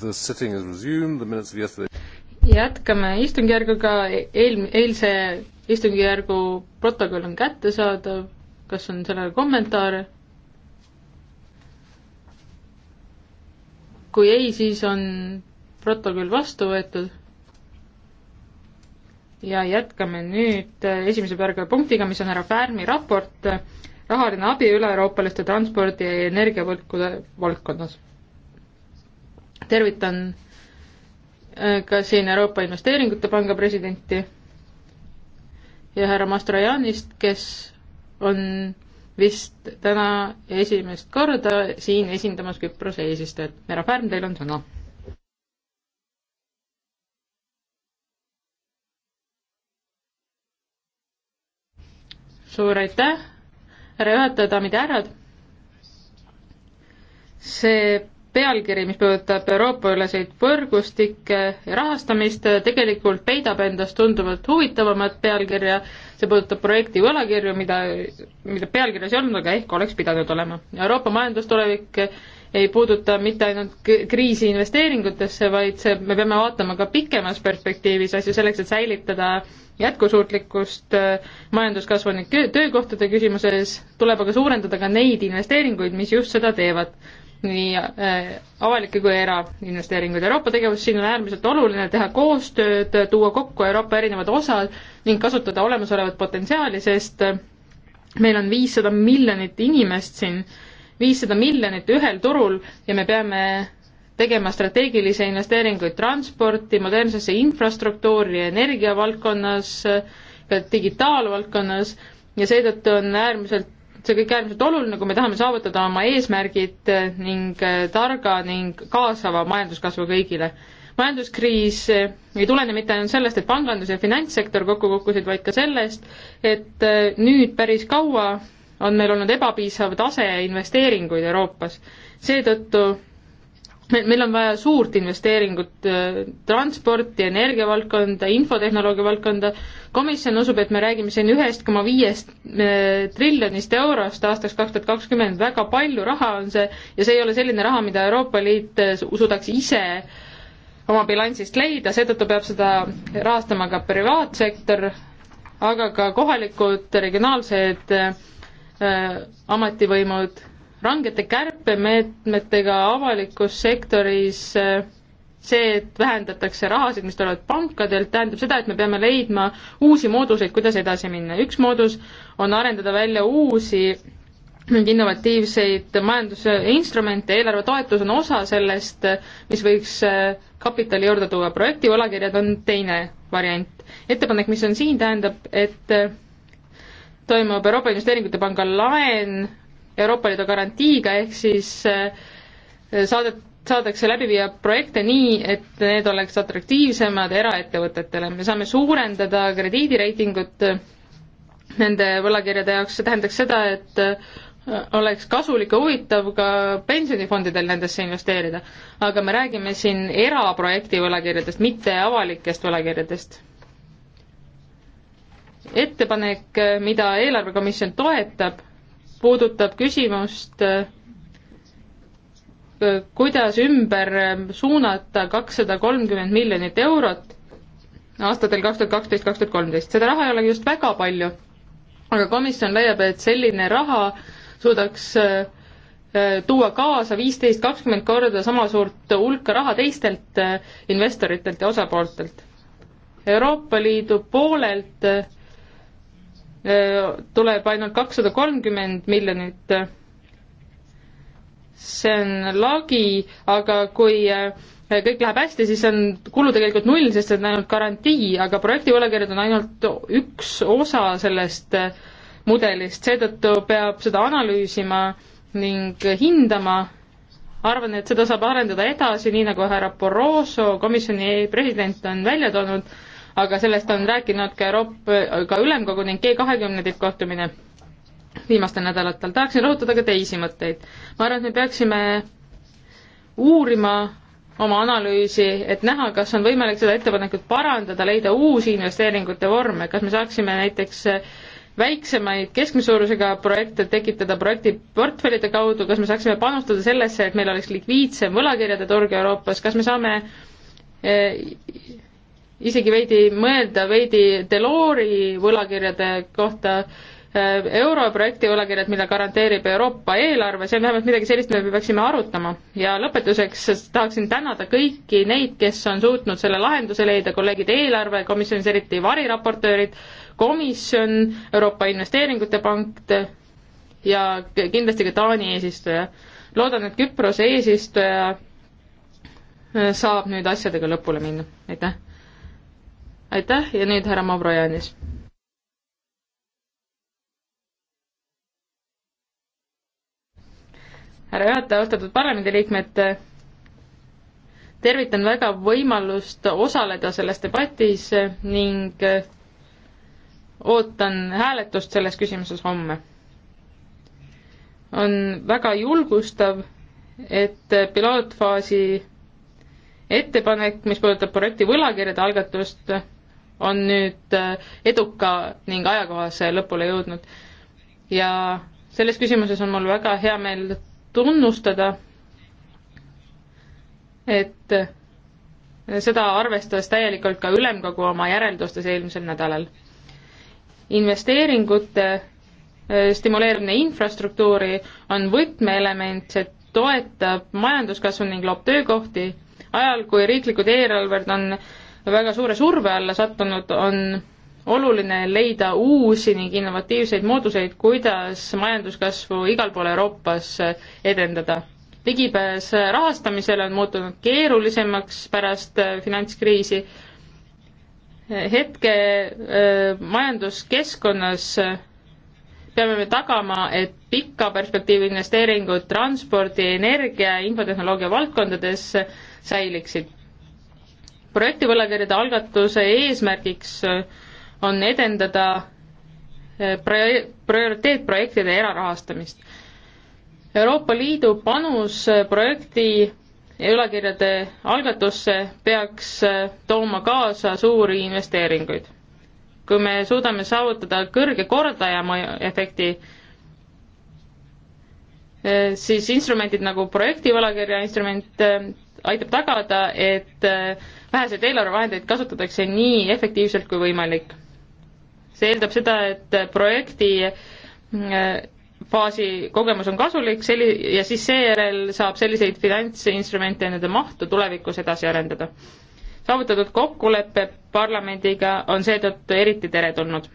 The sitting is resumed, the minutes of yesterday jätkame istungjärguga, eel-, eilse istungjärgu protokoll on kättesaadav, kas on sellele kommentaare? kui ei, siis on protokoll vastu võetud. ja jätkame nüüd esimese päevakorrapunktiga, mis on härra Färmi raport rahaline abi üle-euroopaliste transpordi ja energiavõlkude valdkonnas tervitan äh, ka siin Euroopa Investeeringute Panga presidenti ja härra Mastrojanist, kes on vist täna esimest korda siin esindamas Küprose eesistujat. härra Pärn, teil on sõna. suur aitäh, härra juhataja, daamid ja härrad. see pealkiri, mis puudutab Euroopa-üleseid võrgustikke ja rahastamist, tegelikult peidab endas tunduvalt huvitavamat pealkirja, see puudutab projekti võlakirju, mida, mida pealkirjas ei olnud, aga ehk oleks pidanud olema. Euroopa majandustulevik ei puuduta mitte ainult kriisi investeeringutesse, vaid see, me peame vaatama ka pikemas perspektiivis asju selleks, et säilitada jätkusuutlikkust äh, majanduskasvu ning töökohtade küsimuses, tuleb aga suurendada ka neid investeeringuid, mis just seda teevad nii äh, avalikke kui erainvesteeringuid. Euroopa tegevus siin on äärmiselt oluline, teha koostööd, tuua kokku Euroopa erinevad osad ning kasutada olemasolevat potentsiaali, sest äh, meil on viissada miljonit inimest siin, viissada miljonit ühel turul ja me peame tegema strateegilisi investeeringuid transporti, modernsesse infrastruktuuri, energiavaldkonnas, ka digitaalvaldkonnas ja seetõttu on äärmiselt see kõik äärmiselt oluline, kui me tahame saavutada oma eesmärgid eh, ning eh, targa ning kaasava majanduskasvu kõigile. majanduskriis eh, ei tulene mitte ainult sellest, et pangandus ja finantssektor kokku kukkusid, vaid ka sellest, et nüüd päris kaua on meil olnud ebapiisav tase investeeringuid Euroopas. seetõttu meil on vaja suurt investeeringut äh, transporti, energiavaldkonda, infotehnoloogia valdkonda. komisjon usub, et me räägime siin ühest koma viiest äh, triljonist eurost aastaks kaks tuhat kakskümmend, väga palju raha on see ja see ei ole selline raha, mida Euroopa Liit äh, suudaks ise oma bilansist leida, seetõttu peab seda rahastama ka privaatsektor, aga ka kohalikud regionaalsed äh, ametivõimud rangete kärpemeetmetega avalikus sektoris äh, see, et vähendatakse rahasid, mis tulevad pankadelt, tähendab seda, et me peame leidma uusi mooduseid, kuidas edasi minna. üks moodus on arendada välja uusi mingeid innovatiivseid majandusinstrumente, eelarvetoetus on osa sellest, mis võiks äh, kapitali juurde tuua, projektivõlakirjad on teine variant. ettepanek, mis on siin, tähendab, et äh, toimub Euroopa Investeeringute Panga laen Euroopa Liidu garantiiga, ehk siis eh, saadet-, saadakse läbi viia projekte nii, et need oleks atraktiivsemad eraettevõtetele. me saame suurendada krediidireitingut eh, nende võlakirjade jaoks, see tähendaks seda, et eh, oleks kasulik ja huvitav ka pensionifondidel nendesse investeerida. aga me räägime siin eraprojekti võlakirjadest, mitte avalikest võlakirjadest. ettepanek, mida eelarvekomisjon toetab, puudutab küsimust, äh, kuidas ümber suunata kakssada kolmkümmend miljonit eurot aastatel kaks tuhat kaksteist, kaks tuhat kolmteist. seda raha ei olegi just väga palju, aga komisjon leiab, et selline raha suudaks äh, äh, tuua kaasa viisteist, kakskümmend korda sama suurt hulka raha teistelt investoritelt ja osapooltelt. Euroopa Liidu poolelt tuleb ainult kakssada kolmkümmend miljonit. see on lagi, aga kui äh, kõik läheb hästi, siis on kulu tegelikult null, sest see on ainult garantii, aga projekti võlakirjad on ainult üks osa sellest äh, mudelist, seetõttu peab seda analüüsima ning hindama arvan, et seda saab arendada edasi, nii nagu härra Barroso, komisjoni president on välja toonud, aga sellest on rääkinud ka Euroopa, ka Ülemkogu ning G kahekümne tippkohtumine viimastel nädalatel. tahaksin rõhutada ka teisi mõtteid. ma arvan, et me peaksime uurima oma analüüsi, et näha, kas on võimalik seda ettepanekut parandada, leida uusi investeeringute vorme, kas me saaksime näiteks väiksemaid keskmise suurusega projekte tekitada projektiportfellide kaudu, kas me saaksime panustada sellesse, et meil oleks likviidsem võlakirjade turg Euroopas, kas me saame eh, isegi veidi mõelda veidi Delori võlakirjade kohta, äh, europrojekti võlakirjad, mida garanteerib Euroopa eelarve, see on vähemalt midagi sellist, mida me peaksime arutama. ja lõpetuseks tahaksin tänada kõiki neid, kes on suutnud selle lahenduse leida, kolleegid eelarvekomisjonis, eriti variraportöörid, komisjon, Euroopa Investeeringute Pank ja kindlasti ka Taani eesistuja. loodan, et Küprose eesistuja äh, saab nüüd asjadega lõpule minna, aitäh! aitäh ja nüüd härra Mavrojanis. härra juhataja, austatud parlamendiliikmed, tervitan väga võimalust osaleda selles debatis ning ootan hääletust selles küsimuses homme. on väga julgustav, et pilootfaasi ettepanek, mis puudutab projekti võlakirjade algatust, on nüüd äh, eduka ning ajakohase lõpule jõudnud. ja selles küsimuses on mul väga hea meel tunnustada, et äh, seda arvestas täielikult ka ülemkogu oma järeldustes eelmisel nädalal. investeeringute äh, stimuleerimine infrastruktuuri on võtmeelement, see toetab majanduskasvu ning loob töökohti, ajal kui riiklikud eelarved on väga suure surve alla sattunud, on oluline leida uusi ning innovatiivseid mooduseid, kuidas majanduskasvu igal pool Euroopas edendada. ligipääs rahastamisele on muutunud keerulisemaks pärast äh, finantskriisi. hetke äh, majanduskeskkonnas äh, peame me tagama, et pika perspektiivi investeeringud transpordi, energia, infotehnoloogia valdkondades säiliksid projektivõlakirjade algatuse eesmärgiks äh, on edendada äh, prioriteetprojektide erarahastamist. Euroopa Liidu panus äh, projekti võlakirjade algatusse peaks tooma kaasa suuri investeeringuid. kui me suudame saavutada kõrge kordaja efekti, siis instrumendid nagu projekti võlakirja instrument aitab tagada, et äh, väheseid eelarvevahendeid kasutatakse nii efektiivselt kui võimalik. see eeldab seda, et äh, projekti äh, faasi kogemus on kasulik, selli-, ja siis seejärel saab selliseid finantsinstrumente ja nende mahtu tulevikus edasi arendada. saavutatud kokkulepe parlamendiga on seetõttu eriti teretulnud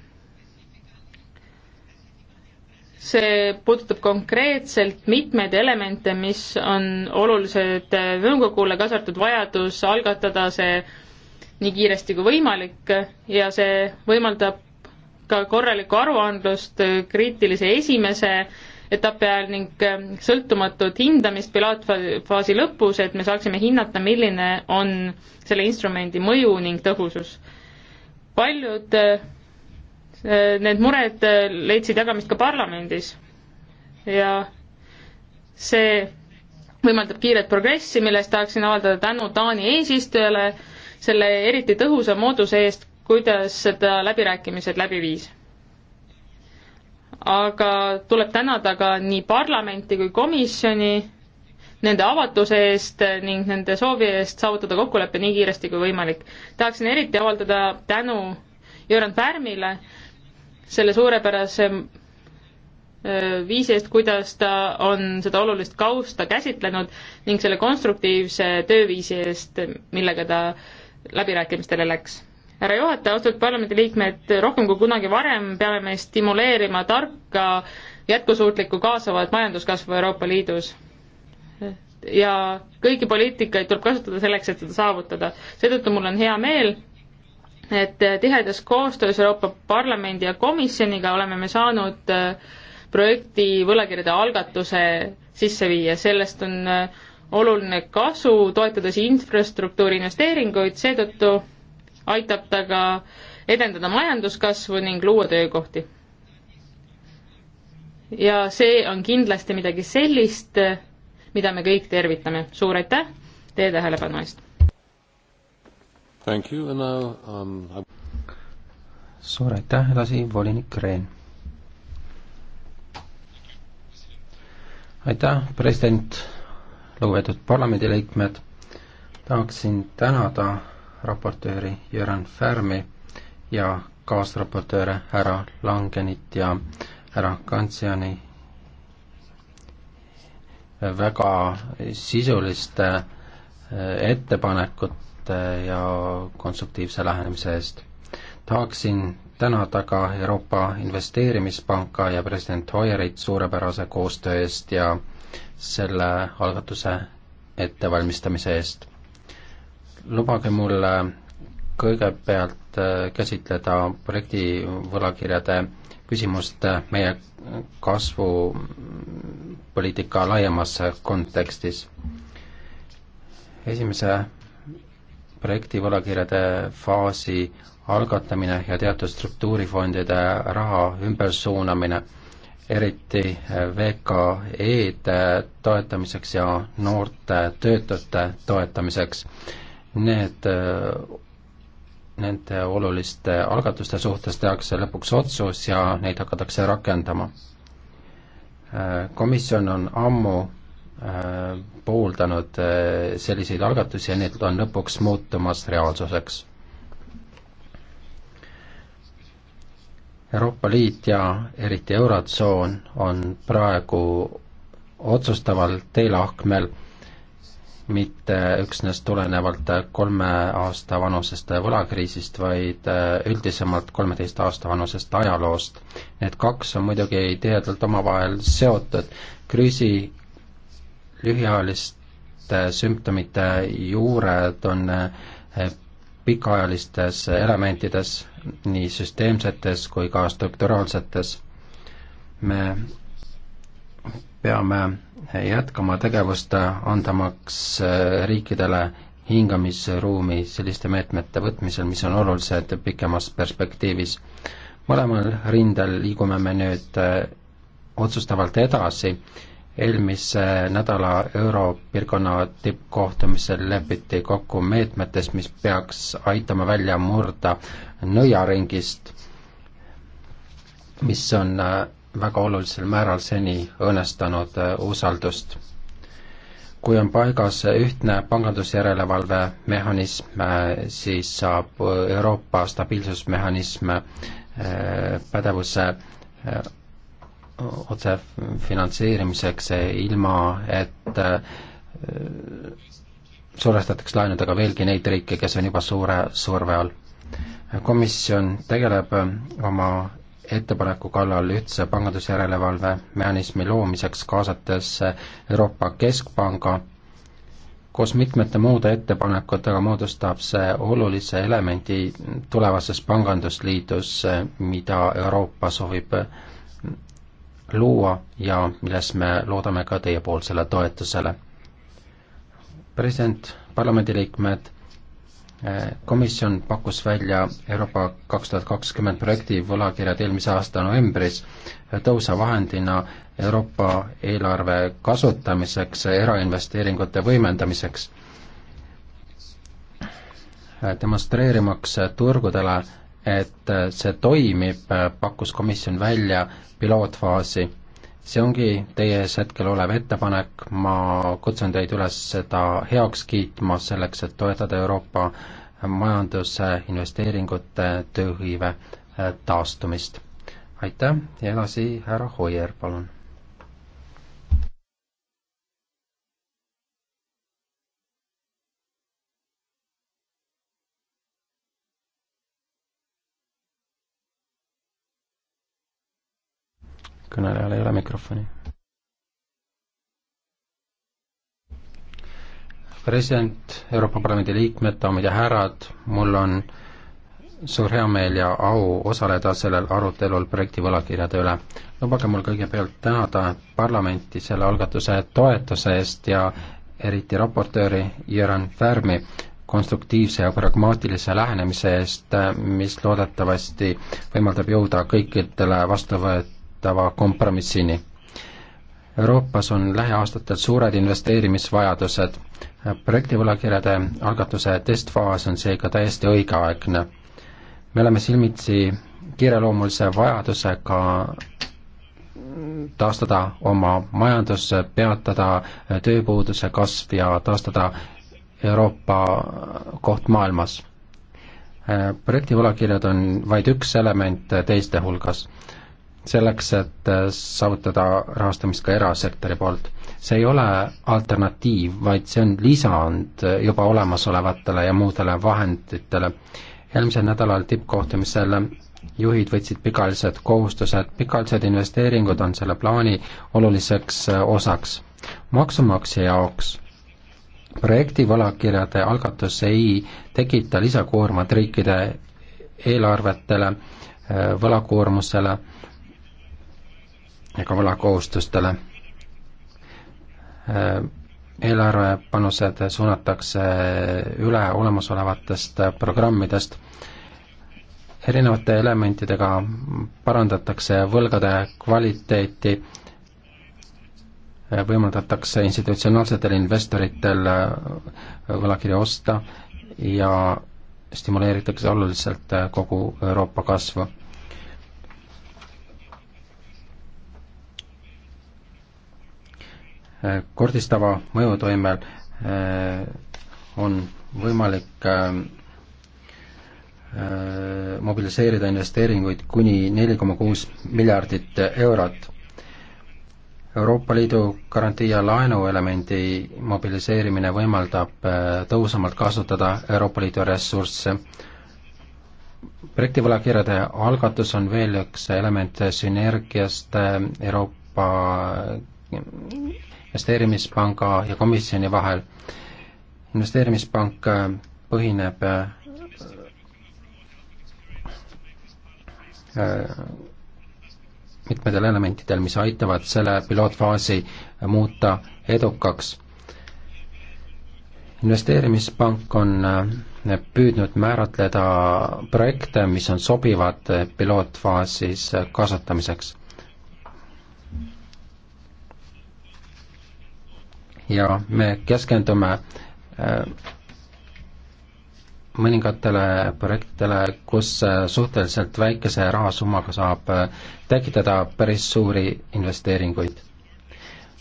see puudutab konkreetselt mitmeid elemente, mis on olulised nõukogule, kaasa arvatud vajadus algatada see nii kiiresti kui võimalik ja see võimaldab ka korralikku aruandlust kriitilise esimese etapi ajal ning sõltumatut hindamist pilaatfaasi lõpus, et me saaksime hinnata, milline on selle instrumendi mõju ning tõhusus. paljud Eh, need mured eh, leidsid jagamist ka parlamendis ja see võimaldab kiiret progressi, mille eest tahaksin avaldada tänu Taani eesistujale selle eriti tõhusa mooduse eest, kuidas seda läbirääkimised läbi viis. aga tuleb tänada ka nii parlamenti kui komisjoni nende avatuse eest ning nende soovi eest saavutada kokkulepe nii kiiresti kui võimalik. tahaksin eriti avaldada tänu Jüran Pärmile, selle suurepärase viisi eest, kuidas ta on seda olulist kausta käsitlenud ning selle konstruktiivse tööviisi eest, millega ta läbirääkimistele läks. härra juhataja, austatud parlamendiliikmed, rohkem kui kunagi varem peame me stimuleerima tarka jätkusuutlikku kaasavat majanduskasvu Euroopa Liidus. ja kõiki poliitikaid tuleb kasutada selleks, et seda saavutada. seetõttu mul on hea meel, et tihedas koostöös Euroopa Parlamendi ja komisjoniga oleme me saanud äh, projekti võlakirjade algatuse sisse viia, sellest on äh, oluline kasu, toetades infrastruktuuri investeeringuid, seetõttu aitab ta ka edendada majanduskasvu ning luua töökohti. ja see on kindlasti midagi sellist, äh, mida me kõik tervitame. suur aitäh teie tähelepanu eest! Um... suur aitäh, edasi volinik Rehn. aitäh, president, lugupeetud parlamendiliikmed, tahaksin tänada raportööri Jüran Färmi ja kaasraportööre härra Langenit ja härra Kantsiani väga sisuliste äh, ettepanekute koostööte ja konstruktiivse lähenemise eest. tahaksin tänada ka Euroopa Investeerimispanka ja president Hoierit suurepärase koostöö eest ja selle algatuse ettevalmistamise eest. lubage mul äh, kõigepealt äh, käsitleda projekti võlakirjade küsimust äh, meie kasvupoliitika laiemas kontekstis. esimese projekti võlakirjade faasi algatamine ja teatud struktuurifondide raha ümbersuunamine, eriti VKE-de toetamiseks ja noorte töötute toetamiseks. Need, nende oluliste algatuste suhtes tehakse lõpuks otsus ja neid hakatakse rakendama. komisjon on ammu Äh, pooldanud äh, selliseid algatusi ja need on lõpuks muutumas reaalsuseks. Euroopa Liit ja eriti Eurotsoon on praegu otsustaval teelahkmel, mitte üksnes tulenevalt kolme aasta vanusest võlakriisist, vaid äh, üldisemalt kolmeteist aasta vanusest ajaloost. Need kaks on muidugi tihedalt omavahel seotud. kriisi lühiajaliste sümptomite juured on eh, pikaajalistes elementides, nii süsteemsetes kui ka strukturaalsetes. me peame jätkama tegevust, andamaks eh, riikidele hingamisruumi selliste meetmete võtmisel, mis on olulised pikemas perspektiivis. mõlemal rindel liigume me nüüd eh, otsustavalt edasi eelmise nädala Europiirkonna tippkohtumisel lepiti kokku meetmetes, mis peaks aitama välja murda nõiaringist, mis on äh, väga olulisel määral seni õõnestanud äh, usaldust. kui on paigas ühtne pangandusjärelevalve mehhanism, äh, siis saab Euroopa stabiilsusmehhanism pädevuse otse finantseerimiseks, ilma et äh, survestataks laenudega veelgi neid riike, kes on juba suure surve all. komisjon tegeleb äh, oma ettepaneku kallal ühtse pangandusjärelevalve mehhanismi loomiseks, kaasates äh, Euroopa Keskpanga. koos mitmete muude ettepanekutega moodustab see olulise elemendi tulevases pangandusliidus, mida Euroopa soovib luua ja milles me loodame ka teiepoolsele toetusele. president, parlamendiliikmed, eh, komisjon pakkus välja Euroopa kaks tuhat kakskümmend projekti võlakirjad eelmise aasta novembris eh, tõusa vahendina Euroopa eelarve kasutamiseks eh, erainvesteeringute võimendamiseks, demonstreerimaks turgudele et äh, see toimib, äh, pakkus komisjon välja pilootfaasi. see ongi teie ees hetkel olev ettepanek, ma kutsun teid üles seda heaks kiitma, selleks et toetada Euroopa majanduse, investeeringute, tööhõive äh, taastumist. aitäh ja edasi härra Hoier, palun kõnelejal ei ole mikrofoni. president, Euroopa Parlamendi liikmed, daamid ja härrad, mul on suur heameel ja au osaleda sellel arutelul projekti võlakirjade üle. lubage mul kõigepealt tänada parlamenti selle algatuse toetuse eest ja eriti raportööri Jüran Färmi konstruktiivse ja pragmaatilise lähenemise eest, mis loodetavasti võimaldab jõuda kõikidele vastu võetud saavutava kompromissini. Euroopas on lähiaastatel suured investeerimisvajadused. projektivõlakirjade algatuse testfaas on seega täiesti õigeaegne. me oleme silmitsi kiireloomulise vajadusega taastada oma majandus, peatada tööpuuduse kasv ja taastada Euroopa koht maailmas. projekti võlakirjad on vaid üks element teiste hulgas selleks, et äh, saavutada rahastamist ka erasektori poolt. see ei ole alternatiiv, vaid see on lisand äh, juba olemasolevatele ja muudele vahenditele. eelmisel nädalal tippkohtumisel juhid võtsid pikaajalised kohustused, pikaajalised investeeringud on selle plaani oluliseks äh, osaks. maksumaksja jaoks projekti võlakirjade algatus ei tekita lisakoormat riikide eelarvetele, võlakoormusele ega võlakohustustele. Äh, eelarvepanused suunatakse üle olemasolevatest programmidest. erinevate elementidega parandatakse võlgade kvaliteeti, äh, võimaldatakse institutsionaalsetel investoritel äh, võlakirju osta ja stimuleeritakse oluliselt kogu Euroopa kasvu kordistava mõjutoimel eh, on võimalik eh, eh, mobiliseerida investeeringuid kuni neli koma kuus miljardit eurot. Euroopa Liidu garantii ja laenuelemendi mobiliseerimine võimaldab tõhusamalt kasutada Euroopa Liidu ressursse. projektivõlakirjade algatus on veel üks element sünergiast Euroopa investeerimispanga ja komisjoni vahel. investeerimispank äh, põhineb äh, äh, mitmedel elementidel, mis aitavad selle pilootfaasi muuta edukaks. investeerimispank on püüdnud määratleda projekte, mis on sobivad pilootfaasis kasutamiseks. ja me keskendume äh, mõningatele projektidele, kus äh, suhteliselt väikese rahasummaga saab äh, tekitada päris suuri investeeringuid.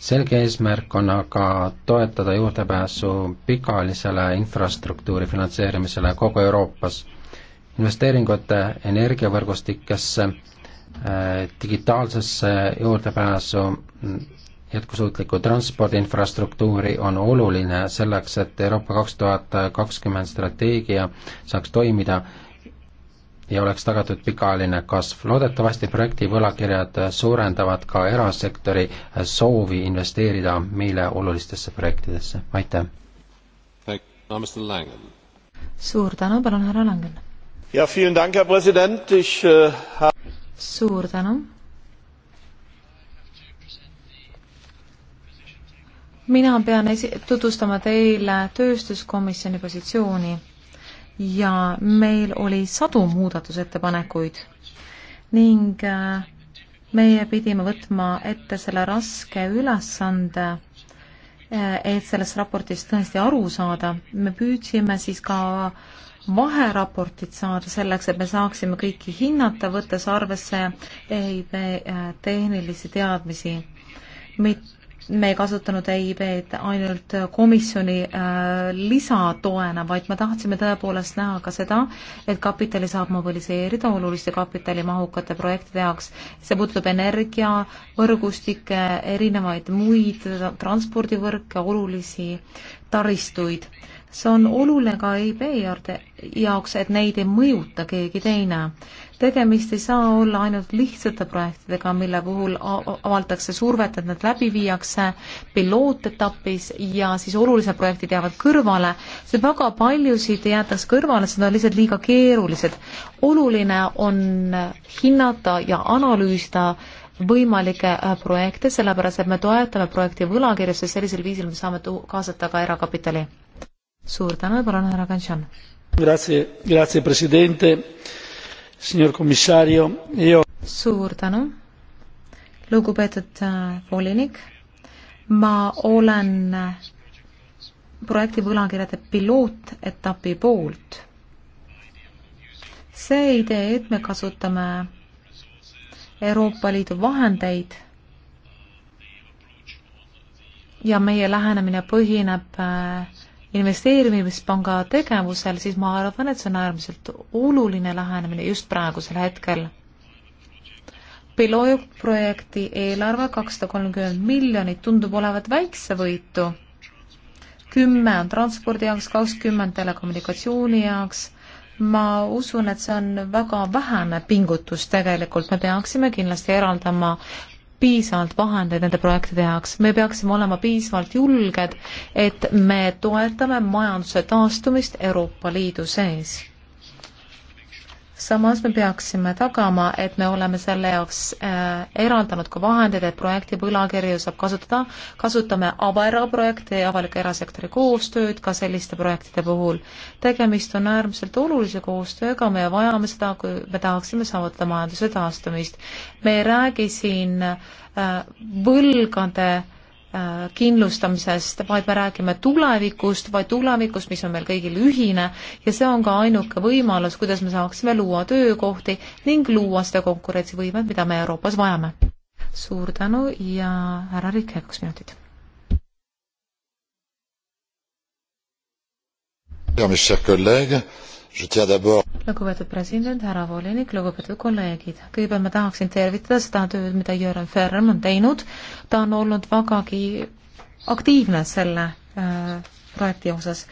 selge eesmärk on aga toetada juurdepääsu pikaajalisele infrastruktuuri finantseerimisele kogu Euroopas. investeeringute energiavõrgustikesse digitaalsesse juurdepääsu jätkusuutliku transpordiinfrastruktuuri on oluline selleks, et Euroopa kaks tuhat kakskümmend strateegia saaks toimida ja oleks tagatud pikaajaline kasv. loodetavasti projekti võlakirjad suurendavad ka erasektori soovi investeerida meile olulistesse projektidesse, aitäh! suur tänu, palun härra Langen! Äh, suur tänu, mina pean esi-, tutvustama teile tööstuskomisjoni positsiooni ja meil oli sadu muudatusettepanekuid ning äh, meie pidime võtma ette selle raske ülesande, äh, et sellest raportist tõesti aru saada. me püüdsime siis ka vaheraportit saada selleks, et me saaksime kõiki hinnata, võttes arvesse EIB äh, tehnilisi teadmisi. mitte me ei kasutanud EIB-d ainult komisjoni äh, lisatoena, vaid me tahtsime tõepoolest näha ka seda, et kapitali saab mobiliseerida oluliste kapitalimahukate projektide jaoks. see puudutab energia, võrgustikke, erinevaid muid transpordivõrke, olulisi taristuid. see on oluline ka EIB jaoks, et neid ei mõjuta keegi teine tegemist ei saa olla ainult lihtsate projektidega, mille puhul avaldatakse survet, et nad läbi viiakse pilootetapis ja siis olulised projektid jäävad kõrvale, sest väga paljusid jäetakse kõrvale, sest nad on lihtsalt liiga keerulised. oluline on hinnata ja analüüsida võimalikke äh, projekte, sellepärast et me toetame projekti võlakirju, sest sellisel viisil me saame kaasata ka erakapitali. suur tänu ja palun, härra Kanšan. Grazie, grazie, president signor commissario, io. suur tänu, lugupeetud äh, volinik. ma olen äh, projekti võlakirjade pilootetapi poolt. see idee, et me kasutame Euroopa Liidu vahendeid ja meie lähenemine põhineb äh, investeerimispanga tegevusel, siis ma arvan, et see on äärmiselt oluline lähenemine just praegusel hetkel. pilootprojekti eelarve kakssada kolmkümmend miljonit tundub olevat väikse võitu. kümme on transpordi jaoks, kakskümmend telekommunikatsiooni jaoks ma usun, et see on väga vähene pingutus tegelikult, me peaksime kindlasti eraldama piisavalt vahendeid nende projektide jaoks, me peaksime olema piisavalt julged, et me toetame majanduse taastumist Euroopa Liidu sees samas me peaksime tagama, et me oleme selle jaoks äh, eraldanud ka vahendeid, et projekti võlakirju saab kasutada, kasutame Avera projekti ja avaliku erasektori koostööd ka selliste projektide puhul. tegemist on äärmiselt olulise koostööga, me vajame seda, kui me tahaksime saavutada majanduse taastumist. me ei räägi siin äh, võlgade äh, Äh, kindlustamisest, vaid me räägime tulevikust, vaid tulevikust, mis on meil kõigil ühine ja see on ka ainuke võimalus, kuidas me saaksime luua töökohti ning luua seda konkurentsivõimet, mida me Euroopas vajame. suur tänu ja härra Rikke, kaks minutit. ja mis see kolleeg lugupeetud president, härra volinik, lugupeetud kolleegid, kõigepealt ma tahaksin tervitada seda tööd, mida Jürgen Ferm on teinud, ta on olnud vägagi aktiivne selle äh, projekti osas.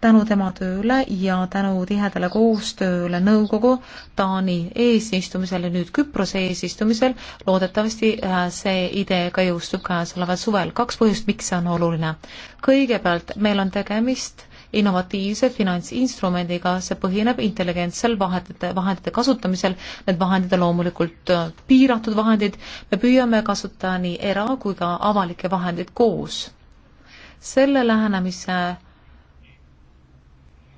tänu tema tööle ja tänu tihedale koostööle nõukogu Taani eesistumisel ja nüüd Küprose eesistumisel loodetavasti äh, see idee ka jõustub käesoleval suvel. kaks põhjust, miks see on oluline. kõigepealt meil on tegemist innovatiivse finantsinstrumendiga, see põhineb intelligentsel vahendite, vahendite kasutamisel, need vahendid on loomulikult äh, piiratud vahendid, me püüame kasutada nii era- kui ka avalikke vahendeid koos. selle lähenemise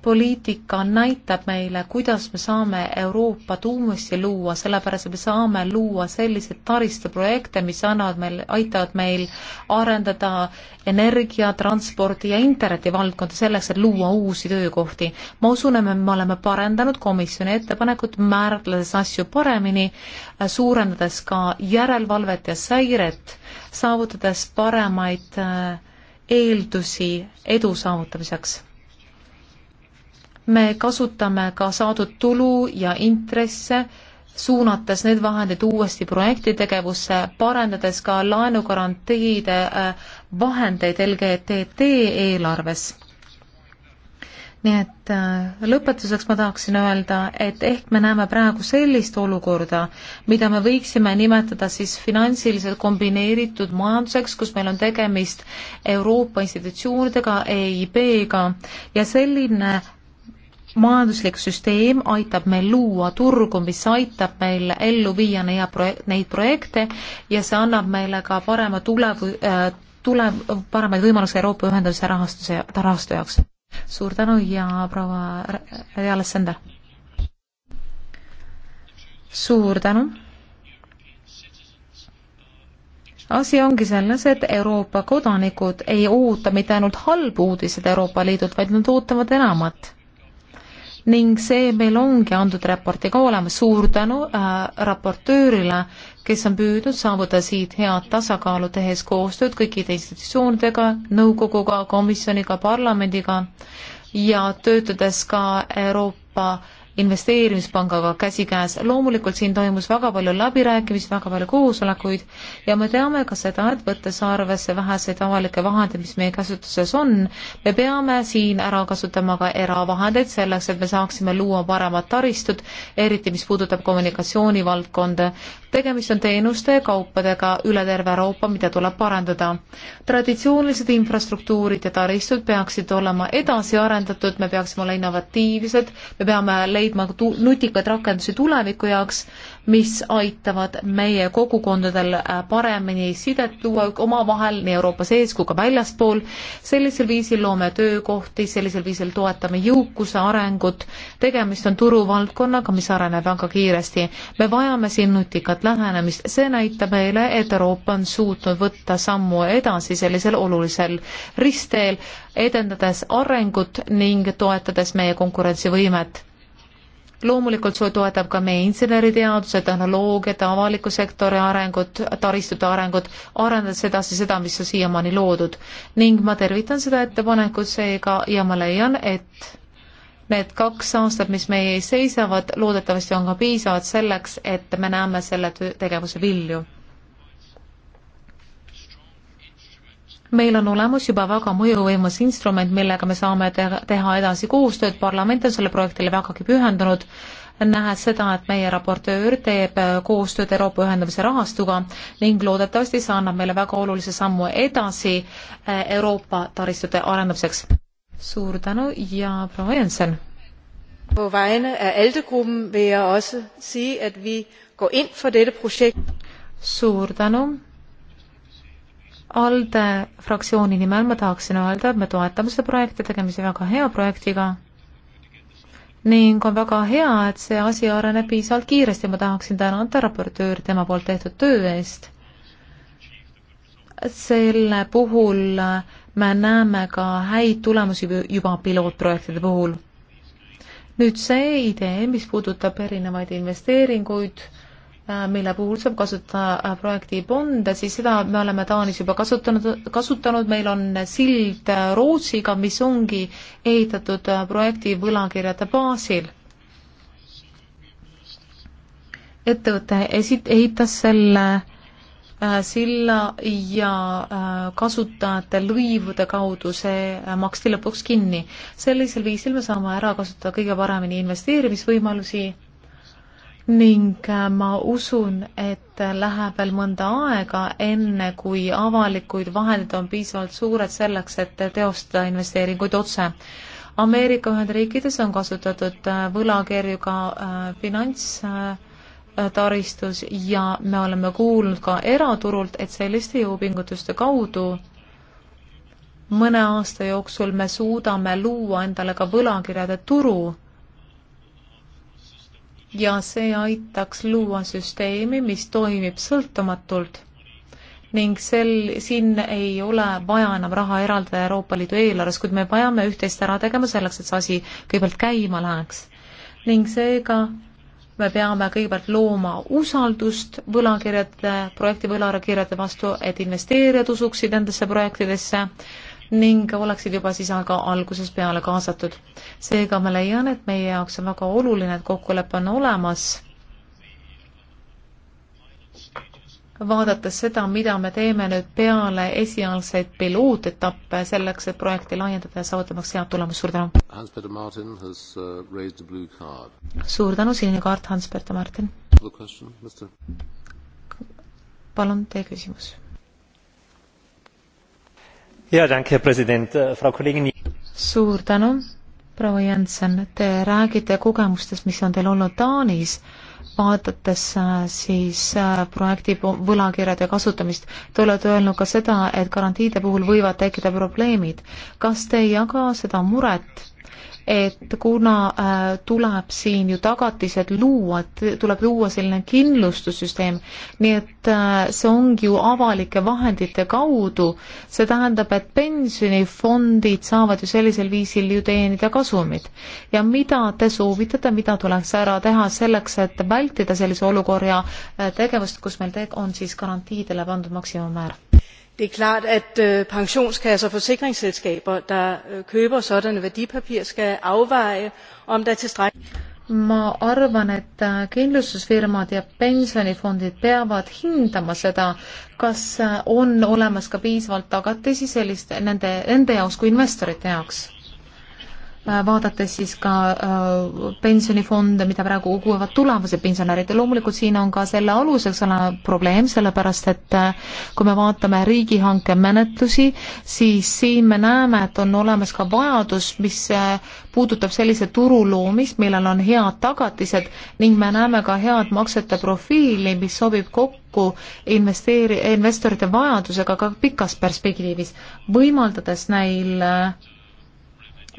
poliitika näitab meile, kuidas me saame Euroopa tuumesse luua, sellepärast et me saame luua selliseid taristuprojekte, mis annavad meil, aitavad meil arendada energia, transpordi ja interneti valdkonda selleks, et luua uusi töökohti. ma usun, et me oleme parendanud komisjoni ettepanekut, määratledes asju paremini, äh, suurendades ka järelevalvet ja seiret, saavutades paremaid äh, eeldusi edu saavutamiseks me kasutame ka saadud tulu ja intresse, suunates need vahendid uuesti projektitegevusse, parendades ka laenugarantiide äh, vahendeid LGTT eelarves. nii et äh, lõpetuseks ma tahaksin öelda, et ehk me näeme praegu sellist olukorda, mida me võiksime nimetada siis finantsiliselt kombineeritud majanduseks, kus meil on tegemist Euroopa institutsioonidega, EIB-ga ja selline majanduslik süsteem aitab meil luua turgu, mis aitab meil ellu viia neid, projek neid projekte ja see annab meile ka parema tulevu- äh,, tule-, paremaid võimalusi Euroopa ühenduse rahastuse, rahastu jaoks. suur tänu ja proua Reale Sender! suur tänu! asi ongi selles, et Euroopa kodanikud ei oota mitte ainult halbu uudiseid Euroopa Liidult, vaid nad ootavad enamat ning see meil ongi antud raportiga olemas. suur tänu äh, raportöörile, kes on püüdnud saavutada siit head tasakaalu, tehes koostööd kõikide institutsioonidega, nõukoguga, komisjoniga, parlamendiga ja töötades ka Euroopa äh, investeerimispangaga käsikäes. loomulikult siin toimus väga palju läbirääkimisi, väga palju koosolekuid ja me teame ka seda, et võttes arvesse väheseid avalikke vahendeid, mis meie käsutuses on, me peame siin ära kasutama ka eravahendeid selleks, et me saaksime luua paremat taristut, eriti mis puudutab kommunikatsioonivaldkonda. tegemist on teenuste ja kaupadega üle terve Euroopa, mida tuleb parandada. traditsioonilised infrastruktuurid ja taristud peaksid olema edasi arendatud, me peaksime olema innovatiivsed, me peame leidma leidma nutikaid rakendusi tuleviku jaoks, mis aitavad meie kogukondadel äh, paremini sidet luua omavahel nii Euroopa sees kui ka väljaspool. sellisel viisil loome töökohti, sellisel viisil toetame jõukuse arengut. tegemist on turuvaldkonnaga, mis areneb väga kiiresti. me vajame siin nutikat lähenemist, see näitab meile, et Euroopa on suutnud võtta sammu edasi sellisel olulisel ristteel, edendades arengut ning toetades meie konkurentsivõimet loomulikult see toetab ka meie inseneriteaduse, tehnoloogiat, avaliku sektori arengut, taristute arengut, arendades edasi seda, mis on siiamaani loodud. ning ma tervitan seda ettepanekut seega ja ma leian, et need kaks aastat, mis meie ees seisavad, loodetavasti on ka piisavad selleks, et me näeme selle tegevuse vilju meil on olemas juba väga mõjuvõimas instrument, millega me saame teha edasi koostööd, parlament on selle projektile vägagi pühendunud, nähes seda, et meie raportöör teeb äh, koostööd Euroopa ühendamise rahastuga ning loodetavasti see annab meile väga olulise sammu edasi äh, Euroopa taristute arendamiseks. suur tänu ja proua Jensen! På vegne af ALDE-gruppen vil jeg også sige, at vi går ind for dette projekt. Suur tänu! ALDE fraktsiooni nimel ma tahaksin öelda, et me toetame seda projekti, tegemist on väga hea projektiga ning on väga hea, et see asi areneb piisavalt kiiresti, ma tahaksin tänada raportööri tema poolt tehtud töö eest. selle puhul me näeme ka häid tulemusi juba pilootprojektide puhul. nüüd see idee, mis puudutab erinevaid investeeringuid, mille puhul saab kasutada äh, projektibonde, siis seda me oleme Taanis juba kasutanud, kasutanud, meil on sild äh, Rootsiga, mis ongi ehitatud äh, projekti võlakirjade baasil. ettevõte esi-, ehitas selle silla ja kasutajate lõivude kaudu see maksti lõpuks kinni. sellisel viisil me saame ära kasutada kõige paremini investeerimisvõimalusi ning äh, ma usun, et läheb veel mõnda aega, enne kui avalikud vahendid on piisavalt suured selleks, et teostada investeeringuid otse. Ameerika Ühendriikides on kasutatud äh, võlakirju ka äh, finantstaristus ja me oleme kuulnud ka eraturult, et selliste jõupingutuste kaudu mõne aasta jooksul me suudame luua endale ka võlakirjade turu ja see aitaks luua süsteemi, mis toimib sõltumatult ning sel, siin ei ole vaja enam raha eraldada Euroopa Liidu eelarves, kuid me peame üht-teist ära tegema selleks, et see asi kõigepealt käima läheks. ning seega me peame kõigepealt looma usaldust võlakirjade, projekti võlakirjade vastu, et investeerijad usuksid nendesse projektidesse äh,, ning oleksid juba siis aga algusest peale kaasatud. seega ma leian, et meie jaoks on väga oluline, et kokkulepe on olemas, vaadates seda, mida me teeme nüüd peale esialgseid pilootetappe selleks, et projekti laiendada ja saavutamaks head tulemust, suur tänu! Uh, suur tänu, sinine kaart, Hans-Berta Martin! palun, teie küsimus Äh, suur tänu, proua Jensen, te räägite kogemustest, mis on teil olnud Taanis, vaadates äh, siis äh, projekti võlakirjade kasutamist. Te olete öelnud ka seda, et garantiide puhul võivad tekkida probleemid. kas te ei jaga seda muret et kuna äh, tuleb siin ju tagatised luua, tuleb luua selline kindlustussüsteem, nii et äh, see ongi ju avalike vahendite kaudu, see tähendab, et pensionifondid saavad ju sellisel viisil ju teenida kasumit. ja mida te soovitate, mida tuleks ära teha selleks, et vältida sellise olukorra äh, tegevust, kus meil te on siis garantiidele pandud maksimummäär? det er klart at øh, pensionskasser og forsikringsselskaber der øh, køber sådanne værdipapirer skal afveje om der er tilstrækkeligt ma arvan, et äh, kindlustusfirmad ja pensionifondid peavad hindama seda, kas äh, on olemas ka piisavalt tagatisi sellist nende, nende jaoks kui investorite jaoks Äh, vaadates siis ka äh, pensionifonde, mida praegu koguvad tulevased pensionärid ja loomulikult siin on ka selle aluseks olev probleem, sellepärast et äh, kui me vaatame riigihanke menetlusi, siis siin me näeme, et on olemas ka vajadus, mis puudutab sellise turu loomist, millel on head tagatised ning me näeme ka head maksete profiili, mis sobib kokku investeeri-, investorite vajadusega ka pikas perspektiivis, võimaldades neil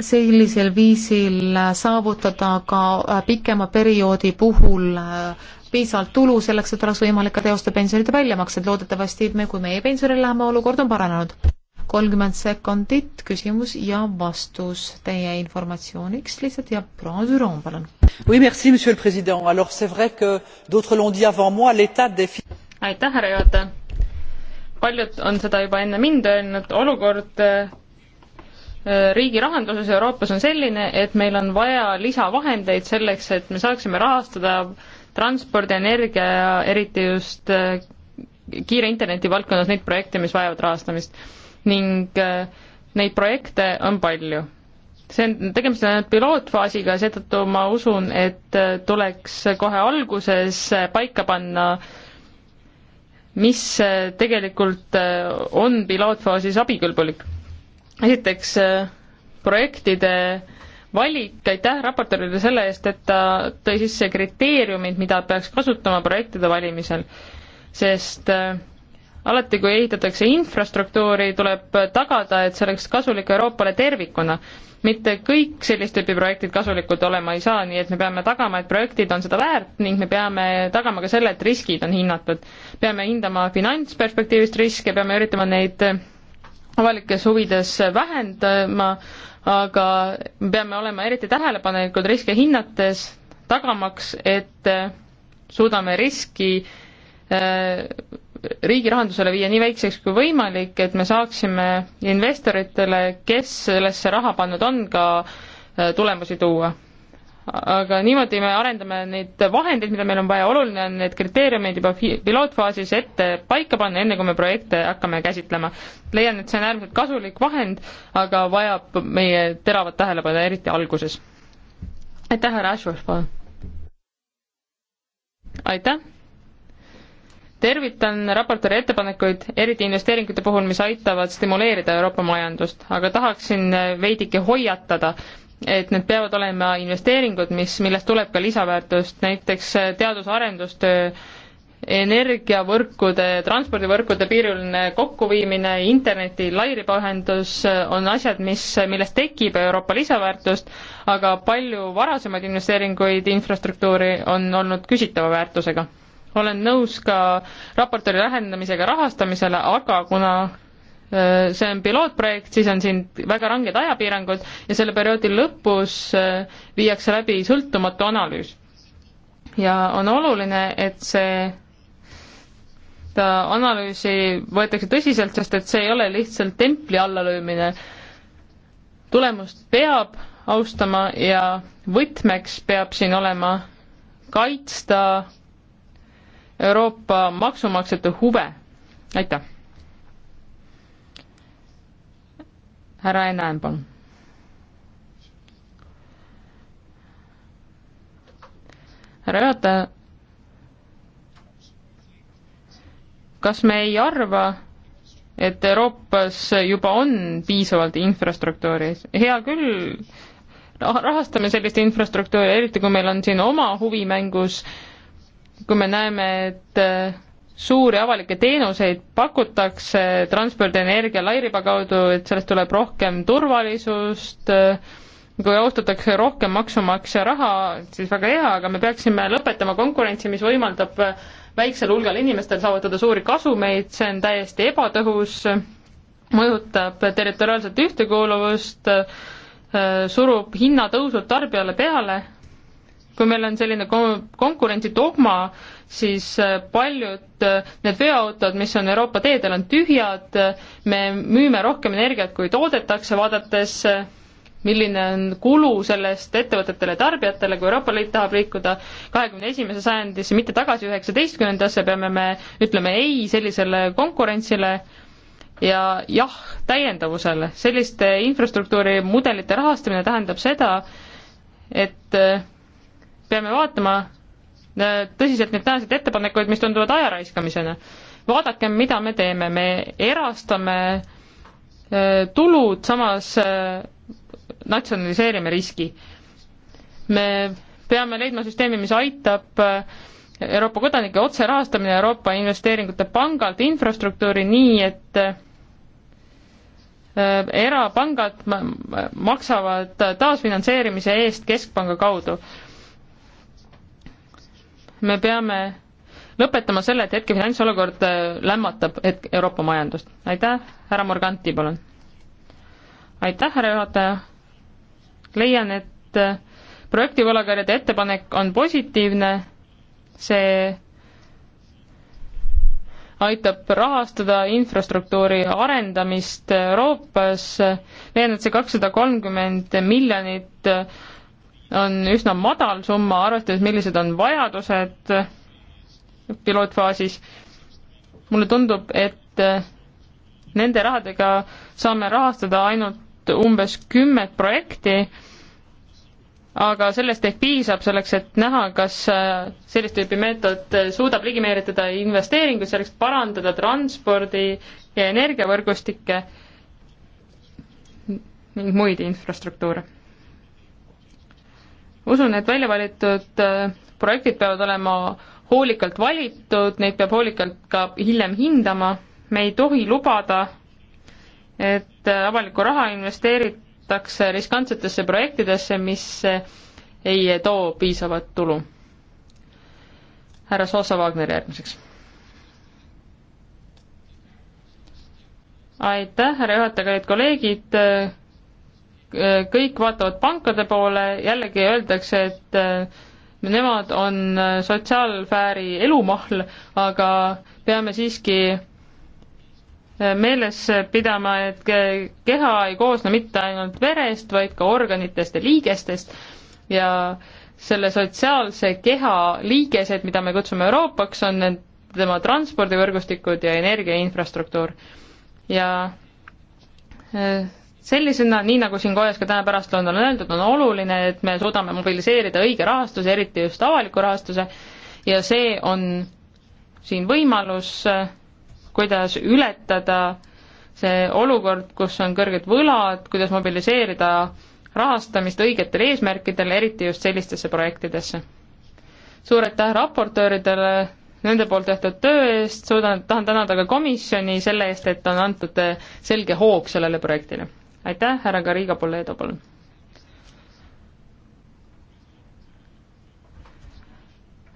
sellisel viisil saavutada ka äh, pikema perioodi puhul äh, piisavalt tulu selleks, et oleks võimalik ka teoste pensionide väljamaksed. loodetavasti me, kui meie pensionile läheme, olukord on paranenud. kolmkümmend sekundit küsimus ja vastus teie informatsiooniks lihtsalt ja Brandüron, palun. aitäh, härra juhataja. paljud on seda juba enne mind öelnud, olukord Äh, riigi rahanduses Euroopas on selline, et meil on vaja lisavahendeid selleks, et me saaksime rahastada transpordi, energia ja eriti just äh, kiire interneti valdkonnas neid projekte, mis vajavad rahastamist. ning äh, neid projekte on palju. see on, tegemist on ainult pilootfaasiga, seetõttu ma usun, et tuleks kohe alguses paika panna mis tegelikult on pilootfaasis abikõlbulik esiteks äh, projektide valik, aitäh raportöörile selle eest, et ta tõi sisse kriteeriumid, mida peaks kasutama projektide valimisel, sest äh, alati, kui ehitatakse infrastruktuuri, tuleb tagada, et see oleks kasulik Euroopale tervikuna. mitte kõik sellist tüüpi projektid kasulikud olema ei saa, nii et me peame tagama, et projektid on seda väärt ning me peame tagama ka selle, et riskid on hinnatud. peame hindama finantsperspektiivist riske, peame üritama neid avalikes huvides vähendama, aga me peame olema eriti tähelepanelikud riske hinnates, tagamaks, et äh, suudame riski äh, riigi rahandusele viia nii väikseks kui võimalik, et me saaksime investoritele, kes sellesse raha pannud on, ka äh, tulemusi tuua aga niimoodi me arendame neid vahendeid, mida meil on vaja, oluline on need kriteeriumid juba pilootfaasis ette paika panna, enne kui me projekte hakkame käsitlema. leian, et see on äärmiselt kasulik vahend, aga vajab meie teravat tähelepanu, eriti alguses. aitäh, härra Ashworth, palun! aitäh! tervitan raportööri ettepanekuid, eriti investeeringute puhul, mis aitavad stimuleerida Euroopa majandust, aga tahaksin veidike hoiatada äh, et need peavad olema investeeringud, mis, millest tuleb ka lisaväärtust, näiteks teadus-arendustöö, energiavõrkude, transpordivõrkude piiriline kokkuviimine, interneti lairibaühendus on asjad, mis, millest tekib Euroopa lisaväärtust, aga palju varasemaid investeeringuid infrastruktuuri on olnud küsitava väärtusega. olen nõus ka raportööri lähenemisega rahastamisele, aga kuna Äh, see on pilootprojekt, siis on siin väga ranged ajapiirangud ja selle perioodi lõpus äh, viiakse läbi sõltumatu analüüs. ja on oluline, et see ta analüüsi võetakse tõsiselt, sest et see ei ole lihtsalt templi allalöömine. tulemust peab austama ja võtmeks peab siin olema kaitsta Euroopa maksumaksjate huve. aitäh! härra Enn, palun. härra juhataja, kas me ei arva, et Euroopas juba on piisavalt infrastruktuuri, hea küll, rahastame sellist infrastruktuuri, eriti kui meil on siin oma huvi mängus, kui me näeme, et suuri avalikke teenuseid pakutakse transpordi, energia, lairiba kaudu, et sellest tuleb rohkem turvalisust, kui austatakse rohkem maksumaksja raha, siis väga hea, aga me peaksime lõpetama konkurentsi, mis võimaldab väiksel hulgal inimestel saavutada suuri kasumeid, see on täiesti ebatõhus, mõjutab territoriaalset ühtekuuluvust, surub hinnatõusud tarbijale peale kui meil on selline konkurentsidogma, siis äh, paljud äh, need veoautod, mis on Euroopa teedel, on tühjad, me müüme rohkem energiat, kui toodetakse, vaadates äh, milline on kulu sellest ettevõtetele ja tarbijatele, kui Euroopa Liit tahab liikuda kahekümne esimese sajandisse, mitte tagasi üheksateistkümnendasse, peame me ütlema ei sellisele konkurentsile ja jah täiendavusele. selliste infrastruktuurimudelite rahastamine tähendab seda, et peame vaatama äh, tõsiselt neid tänaseid ettepanekuid, mis tunduvad aja raiskamisena. vaadakem, mida me teeme, me erastame äh, tulud, samas äh, natsionaliseerime riski. me peame leidma süsteemi, mis aitab Euroopa kodanike otserahastamine Euroopa Investeeringute Pangalt infrastruktuuri nii, et erapangad maksavad taasfinantseerimise eest Keskpanga kaudu me peame lõpetama selle, et hetke finantsolukord äh, lämmatab hetk Euroopa majandust. aitäh, härra Morganti, palun. aitäh, härra juhataja. leian, et äh, projekti võlakirjade ettepanek on positiivne, see aitab rahastada infrastruktuuri arendamist Euroopas, leian, et see kakssada kolmkümmend miljonit äh, on üsna madal summa, arvestades, millised on vajadused pilootfaasis. mulle tundub, et eh, nende rahadega saame rahastada ainult umbes kümmet projekti, aga sellest ehk piisab selleks, et näha, kas eh, sellist tüüpi meetod suudab ligi meelitada investeeringuid, selleks parandada transpordi ja energiavõrgustikke ning muid infrastruktuure usun, et välja valitud äh, projektid peavad olema hoolikalt valitud, neid peab hoolikalt ka hiljem hindama, me ei tohi lubada, et äh, avalikku raha investeeritakse riskantsetesse projektidesse, mis äh, ei too piisavat tulu. härra Soosa Wagner järgmiseks. aitäh, härra juhataja, kallid kolleegid, kõik vaatavad pankade poole, jällegi öeldakse, et äh, nemad on äh, sotsiaalsfääri elumahl, aga peame siiski äh, meeles pidama, et keha ei koosne mitte ainult verest, vaid ka organitest ja liigestest ja selle sotsiaalse keha liigesed, mida me kutsume Euroopaks, on need tema transpordivõrgustikud ja energiainfrastruktuur. ja sellisena, nii nagu siin kojas ka täna pärastlõunal on öeldud, on oluline, et me suudame mobiliseerida õige rahastuse, eriti just avaliku rahastuse, ja see on siin võimalus, kuidas ületada see olukord, kus on kõrged võlad, kuidas mobiliseerida rahastamist õigetel eesmärkidel, eriti just sellistesse projektidesse. suur aitäh raportööridele nende poolt tehtud töö eest, suudan, tahan tänada ka komisjoni selle eest, et on antud selge hoog sellele projektile aitäh, härra Kariga Polledo, palun.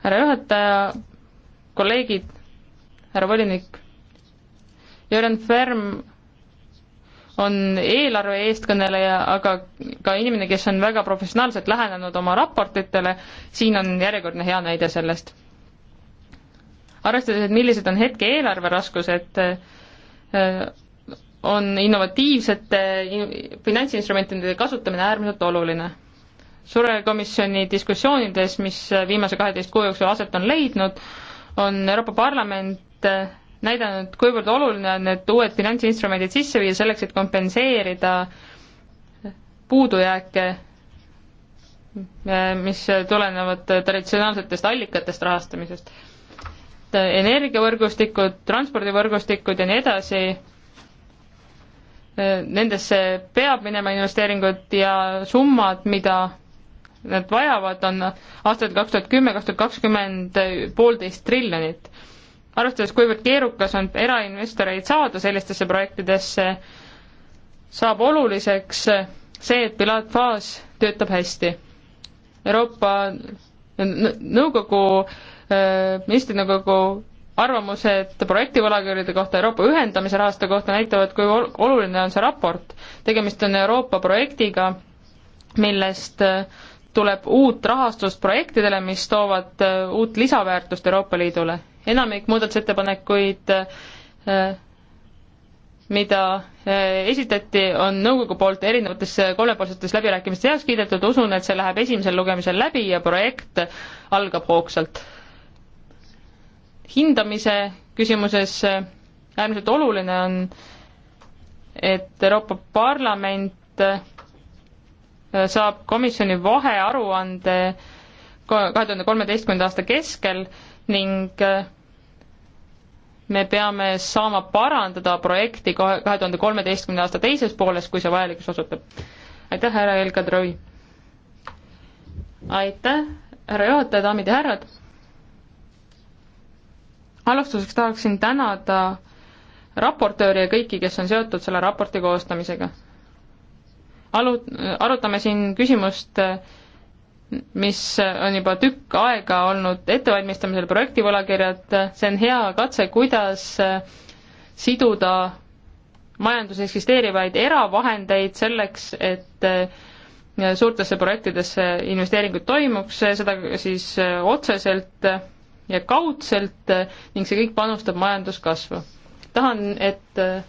härra juhataja, kolleegid, härra volinik, Jürgen Ferm on eelarve eestkõneleja, aga ka inimene, kes on väga professionaalselt lähenenud oma raportitele, siin on järjekordne hea näide sellest. arvestades, et millised on hetke eelarveraskused, äh, on innovatiivsete finantsinstrumentide kasutamine äärmiselt oluline. surekomisjoni diskussioonides, mis viimase kaheteist kuu jooksul aset on leidnud, on Euroopa Parlament näidanud, kuivõrd oluline on need uued finantsinstrumendid sisse viia selleks, et kompenseerida puudujääke, mis tulenevad traditsionaalsetest allikatest rahastamisest. energiavõrgustikud, transpordivõrgustikud ja nii edasi nendesse peab minema investeeringud ja summad, mida nad vajavad, on aastatel kaks tuhat kümme, kaks tuhat kakskümmend poolteist triljonit. arvestades, kuivõrd keerukas on erainvestoreid saada sellistesse projektidesse, saab oluliseks see, et pilaatfaas töötab hästi. Euroopa Nõukogu, äh, ministrite nõukogu arvamused projektivõlakirjade kohta Euroopa ühendamise rahastu kohta näitavad, kui oluline on see raport. tegemist on Euroopa projektiga, millest äh, tuleb uut rahastust projektidele, mis toovad äh, uut lisaväärtust Euroopa Liidule. enamik muudatusettepanekuid, äh, mida esitati, on nõukogu poolt erinevates kolmepoolsetes läbirääkimistes heaks kiidetud, usun, et see läheb esimesel lugemisel läbi ja projekt algab hoogsalt hindamise küsimuses äh, äärmiselt oluline on, et Euroopa Parlament äh, saab komisjoni vahearuande kahe tuhande kolmeteistkümnenda aasta keskel ning äh, me peame saama parandada projekti kahe, kahe tuhande kolmeteistkümnenda aasta teises pooles, kui see vajalikuks osutub. aitäh, härra Elka Troi! aitäh, härra juhataja, daamid ja härrad! alustuseks tahaksin tänada raportööri ja kõiki, kes on seotud selle raporti koostamisega. Alu-, arutame siin küsimust, mis on juba tükk aega olnud ettevalmistamisel, projektivõlakirjad, see on hea katse, kuidas siduda majanduses eksisteerivaid eravahendeid selleks, et suurtesse projektidesse investeeringud toimuks, seda siis otseselt ja kaudselt eh, ning see kõik panustab majanduskasvu. tahan, et eh,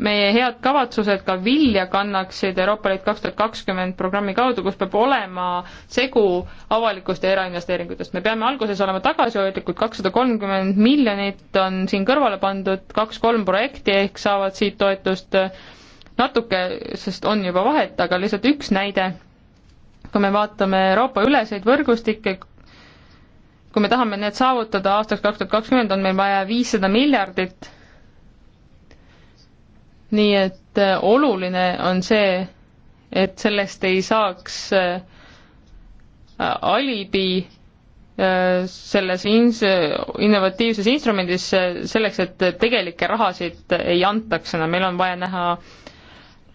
meie head kavatsused ka vilja kannaksid Euroopa Liit kaks tuhat kakskümmend programmi kaudu, kus peab olema segu avalikust ja erainvesteeringutest. me peame alguses olema tagasihoidlikud, kakssada kolmkümmend miljonit on siin kõrvale pandud, kaks-kolm projekti ehk saavad siit toetust natuke, sest on juba vahet, aga lihtsalt üks näide kui me vaatame Euroopa üleseid võrgustikke, kui me tahame need saavutada aastaks kaks tuhat kakskümmend, on meil vaja viissada miljardit. nii et äh, oluline on see, et sellest ei saaks äh, alibi äh, selles ins-, innovatiivses instrumendis selleks, et tegelikke rahasid ei antaks enam, meil on vaja näha äh,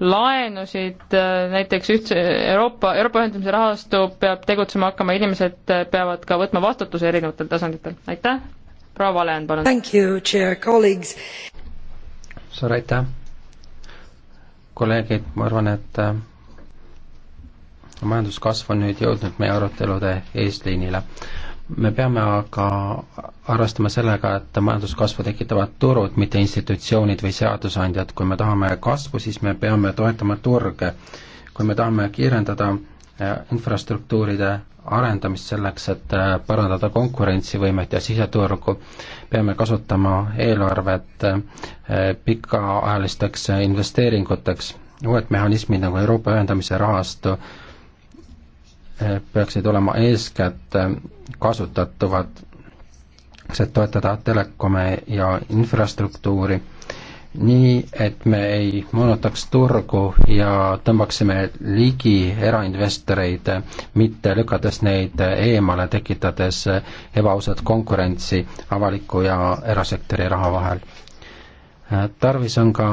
laenusid, äh, näiteks ühtse Euroopa, Euroopa ühendamise rahastu peab tegutsema hakkama, inimesed äh, peavad ka võtma vastutuse erinevatel tasanditel. aitäh, proua Valen, palun! suur aitäh! kolleegid, ma arvan, et äh, majanduskasv on nüüd jõudnud meie arutelude eesliinile me peame aga arvestama sellega, et majanduskasvu tekitavad turud, mitte institutsioonid või seadusandjad. kui me tahame kasvu, siis me peame toetama turge. kui me tahame kiirendada äh, infrastruktuuride arendamist selleks, et äh, parandada konkurentsivõimet ja siseturgu, peame kasutama eelarvet äh, pikaajalisteks investeeringuteks. uued mehhanismid nagu Euroopa ühendamise rahastu, peaksid olema eeskätt kasutatavad, et toetada telekomi ja infrastruktuuri, nii et me ei moonutaks turgu ja tõmbaksime ligi erainvestoreid, mitte lükates neid eemale, tekitades ebaausat konkurentsi avaliku ja erasektori raha vahel tarvis on ka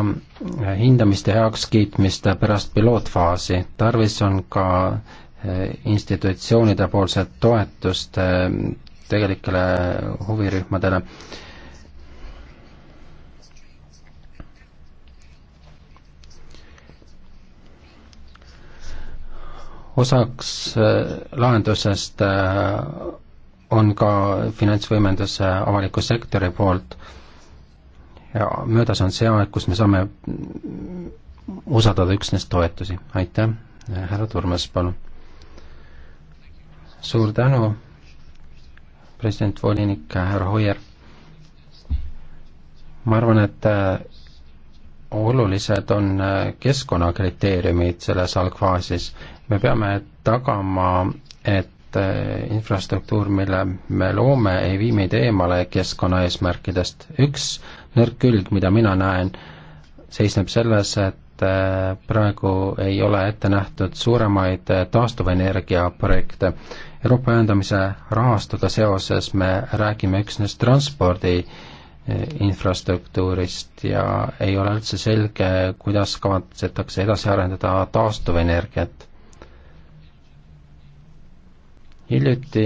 hindamist ja heakskiitmist pärast pilootfaasi, tarvis on ka Eh, institutsioonide poolset toetust eh, tegelikele huvirühmadele. osaks eh, lahendusest on ka finantsvõimendus avaliku sektori poolt ja möödas on see aeg, kus me saame usaldada üksnes toetusi. aitäh, härra Turmas, palun suur tänu, president volinik härra Hoier. ma arvan, et äh, olulised on äh, keskkonnakriteeriumid selles algfaasis. me peame tagama, et äh, infrastruktuur, mille me loome, ei vii meid eemale keskkonnaeesmärkidest. üks nõrk külg, mida mina näen, seisneb selles, et praegu ei ole ette nähtud suuremaid taastuvenergia projekte Euroopa ühendamise rahastuga seoses me räägime üksnes transpordi eh, infrastruktuurist ja ei ole üldse selge, kuidas kavatsetakse edasi arendada taastuvenergiat. hiljuti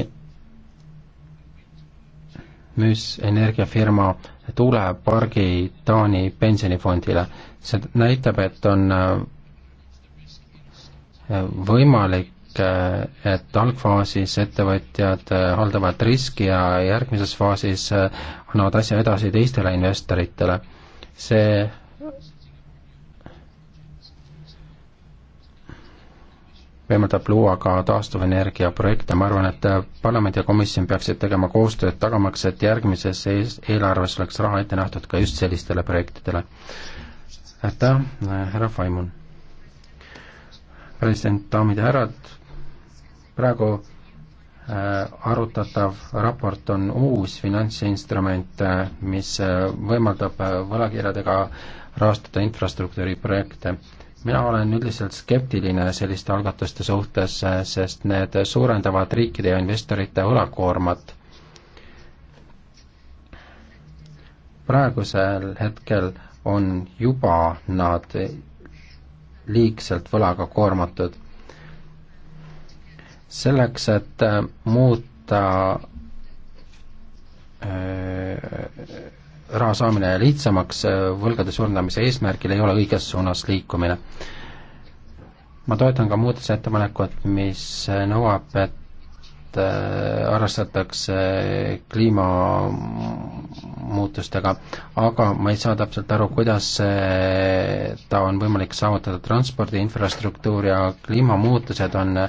müüs energiafirma tuulepargi Taani pensionifondile. see näitab, et on eh, võimalik et algfaasis ettevõtjad eh, haldavad riski ja järgmises faasis eh, annavad asja edasi teistele investoritele. see võimaldab luua ka taastuvenergia projekte, ma arvan, et parlament ja komisjon peaksid tegema koostööd, tagamaks, et järgmises eelarves oleks raha ette nähtud ka just sellistele projektidele. aitäh, härra Faimon! president, daamid ja härrad, praegu äh, arutatav raport on uus finantsinstrument, äh, mis äh, võimaldab võlakirjadega rahastada infrastruktuuriprojekte. mina olen üldiselt skeptiline selliste algatuste suhtes, sest need suurendavad riikide ja investorite võlakoormat. praegusel hetkel on juba nad liigselt võlaga koormatud selleks, et äh, muuta äh, raha saamine lihtsamaks äh, võlgade surnamise eesmärgil ei ole õiges suunas liikumine. ma toetan ka muudatusettepanekut, mis nõuab, et arvestatakse kliimamuutustega, aga ma ei saa täpselt aru, kuidas ta on võimalik saavutada transpordi, infrastruktuur ja kliimamuutused on äh,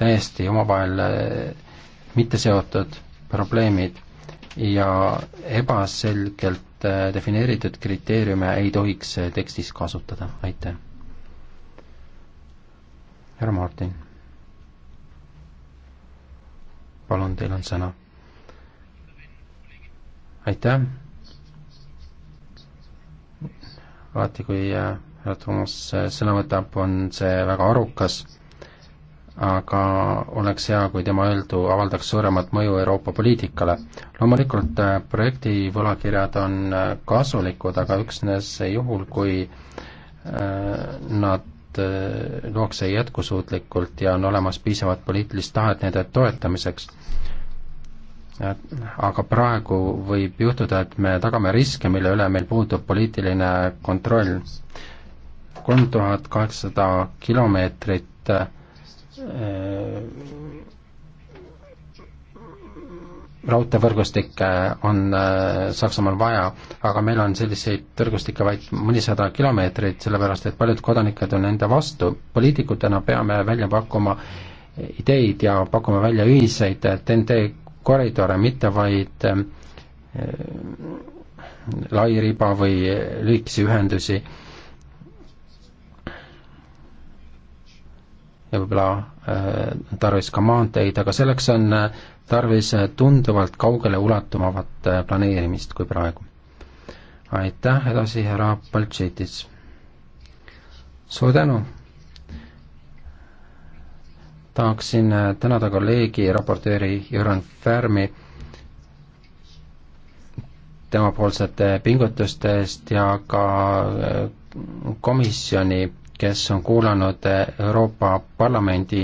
täiesti omavahel äh, mitteseotud probleemid ja ebaselgelt äh, defineeritud kriteeriume ei tohiks äh, tekstis kasutada, aitäh. härra Martin. palun, teil on sõna. aitäh. alati, kui härra Toomas sõna võtab, on see väga arukas aga oleks hea, kui tema öeldu avaldaks suuremat mõju Euroopa poliitikale. loomulikult äh, projekti võlakirjad on äh, kasulikud, aga üksnes juhul, kui äh, nad luuakse jätkusuutlikult ja on olemas piisavalt poliitilist tahet nende toetamiseks. aga praegu võib juhtuda, et me tagame riske, mille üle meil puudub poliitiline kontroll. kolm tuhat kaheksasada kilomeetrit Äh, raudteevõrgustikke on äh, Saksamaal vaja, aga meil on selliseid võrgustikke vaid mõnisada kilomeetrit, sellepärast et paljud kodanikud on nende vastu. poliitikutena peame välja pakkuma ideid ja pakkuma välja ühiseid TNT koridore, mitte vaid äh, lairiba või lühikesi ühendusi ja võib-olla äh, tarvis ka maanteid, aga selleks on äh, tarvis äh, tunduvalt kaugele ulatumavat planeerimist kui praegu. aitäh, edasi härra Baltšitis. suur tänu! tahaksin tänada kolleegi, raportööri Jüran Färmi temapoolsete pingutuste eest ja ka komisjoni kes on kuulanud Euroopa Parlamendi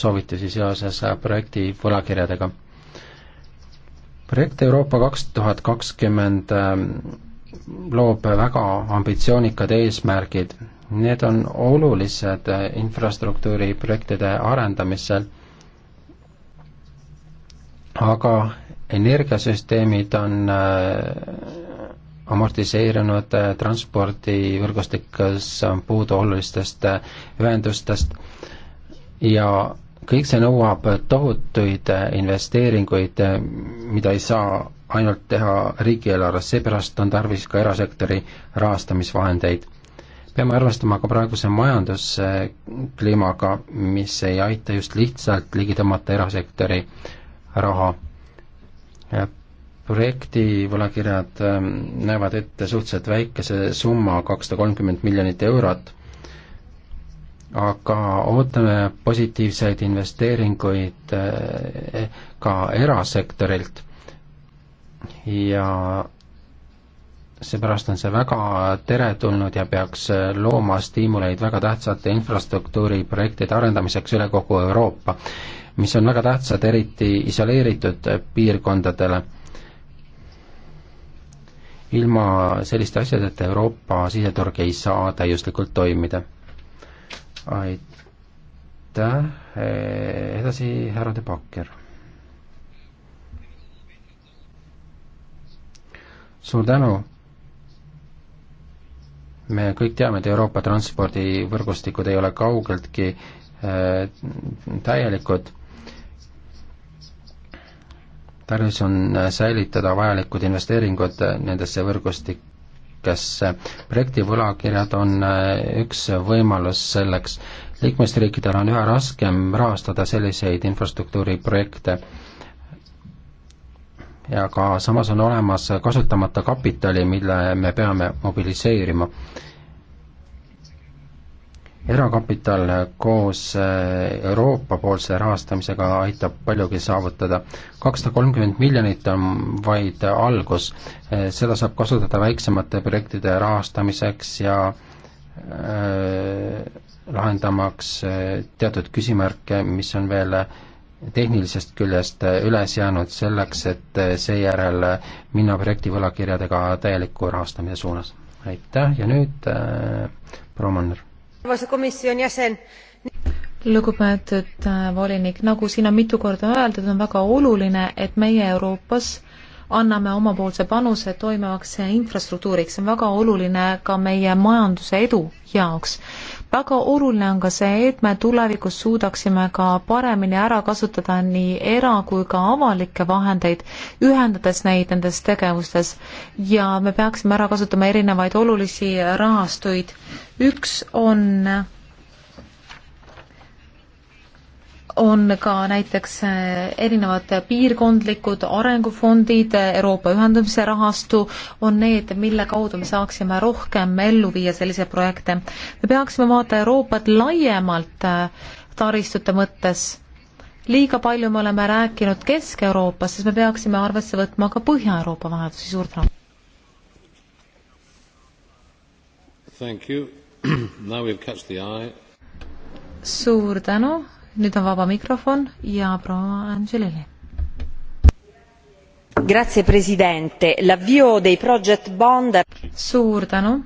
soovitusi seoses projekti võlakirjadega. projekt Euroopa kaks tuhat kakskümmend ähm, loob väga ambitsioonikad eesmärgid. Need on olulised infrastruktuuriprojektide arendamisel, aga energiasüsteemid on äh, amortiseerunud äh, transpordivõrgustikus on puudu olulistest äh, ühendustest ja kõik see nõuab tohutuid äh, investeeringuid, mida ei saa ainult teha riigieelarves, seepärast on tarvis ka erasektori rahastamisvahendeid. peame arvestama ka praeguse majanduskliimaga, mis ei aita just lihtsalt ligi tõmmata erasektori raha projekti võlakirjad ähm, näevad ette suhteliselt väikese summa, kakssada kolmkümmend miljonit eurot, aga ootame positiivseid investeeringuid äh, ka erasektorilt ja seepärast on see väga teretulnud ja peaks äh, looma stiimuleid väga tähtsate infrastruktuuriprojektide arendamiseks üle kogu Euroopa, mis on väga tähtsad eriti isoleeritud äh, piirkondadele ilma selliste asjadeta Euroopa siseturg ei saa täiuslikult toimida. aitäh, eh, edasi härra De Backer. suur tänu me kõik teame, et Euroopa transpordivõrgustikud ei ole kaugeltki äh, täielikud tarvis on äh, säilitada vajalikud investeeringud äh, nendesse võrgustikesse. projekti võlakirjad on äh, üks võimalus selleks. liikmesriikidel on üha raskem rahastada selliseid infrastruktuuriprojekte ja ka samas on olemas kasutamata kapitali, mille me peame mobiliseerima erakapital koos äh, Euroopa-poolse rahastamisega aitab paljugi saavutada. kakssada kolmkümmend miljonit on vaid algus, äh, seda saab kasutada väiksemate projektide rahastamiseks ja äh, lahendamaks äh, teatud küsimärke, mis on veel tehnilisest küljest üles jäänud selleks, et seejärel minna projekti võlakirjadega täieliku rahastamise suunas. aitäh ja nüüd äh, proua Manner lugupeetud äh, volinik, nagu siin on mitu korda öeldud, on väga oluline, et meie Euroopas anname omapoolse panuse toimivaks infrastruktuuriks, see on väga oluline ka meie majanduse edu jaoks väga oluline on ka see, et me tulevikus suudaksime ka paremini ära kasutada nii era- kui ka avalikke vahendeid, ühendades neid nendes tegevustes. ja me peaksime ära kasutama erinevaid olulisi rahastuid. üks on on ka näiteks äh, erinevad piirkondlikud arengufondid, Euroopa ühendamise rahastu, on need, mille kaudu me saaksime rohkem ellu viia selliseid projekte. me peaksime vaatama Euroopat laiemalt äh, taristute mõttes. liiga palju me oleme rääkinud Kesk-Euroopast, siis me peaksime arvesse võtma ka Põhja-Euroopa vajadusi, suur tänu. suur tänu nüüd on vaba mikrofon ja proua Angelilli. Grazie presidente, l'avvio dei project bond. suur tänu.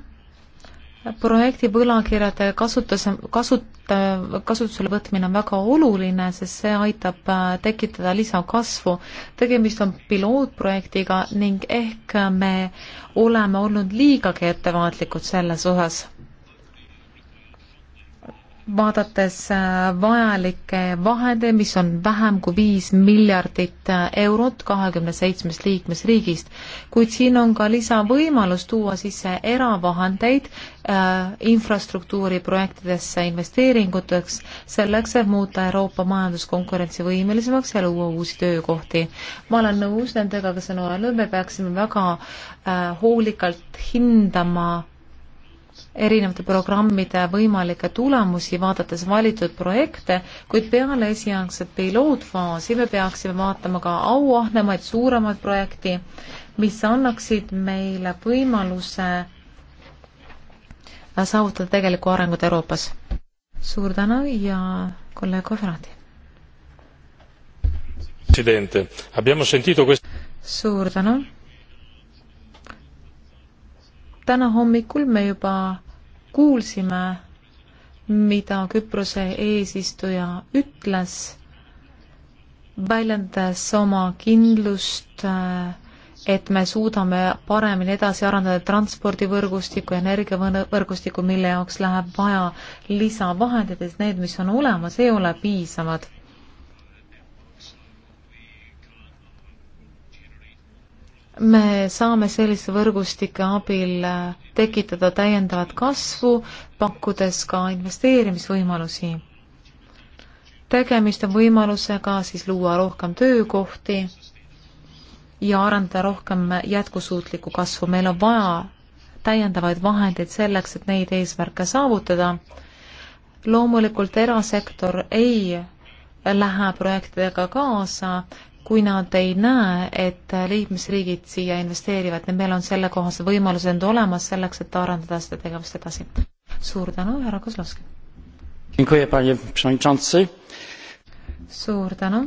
projekti võlakirjade kasutuse, kasuta, kasutusele võtmine on väga oluline, sest see aitab äh, tekitada lisakasvu. tegemist on pilootprojektiga ning ehk me oleme olnud liigagi ettevaatlikud selles osas vaadates äh, vajalikke vahendeid, mis on vähem kui viis miljardit äh, eurot kahekümne seitsmest liikmesriigist, kuid siin on ka lisavõimalus tuua sisse eravahendeid äh, infrastruktuuriprojektidesse investeeringuteks, selleks, et muuta Euroopa majandus konkurentsivõimelisemaks ja luua uusi töökohti. ma olen nõus nendega, kes on öelnud, me peaksime väga äh, hoolikalt hindama erinevate programmide võimalikke tulemusi, vaadates valitud projekte, kuid peale esialgset pilootfaasi me peaksime vaatama ka auahnemaid, suuremaid projekti, mis annaksid meile võimaluse saavutada tegelikku arengut Euroopas. suur tänu ja kolleeg Konradi. suur tänu. täna hommikul me juba kuulsime, mida Küprose eesistuja ütles, väljendas oma kindlust, et me suudame paremini edasi arendada transpordivõrgustikku ja energiavõrgustikku, mille jaoks läheb vaja lisavahendeid, et need, mis on olemas, ei ole piisavad me saame selliste võrgustike abil äh, tekitada täiendavat kasvu, pakkudes ka investeerimisvõimalusi. tegemist on võimalusega siis luua rohkem töökohti ja arendada rohkem jätkusuutlikku kasvu. meil on vaja täiendavaid vahendeid selleks, et neid eesmärke saavutada. loomulikult erasektor ei lähe projektidega kaasa, kui nad ei näe, et liikmesriigid siia investeerivad, et meil on sellekohased võimalused nüüd olemas selleks, et arendada seda tegevust edasi. suur tänu, härra Kozlovski! suur tänu!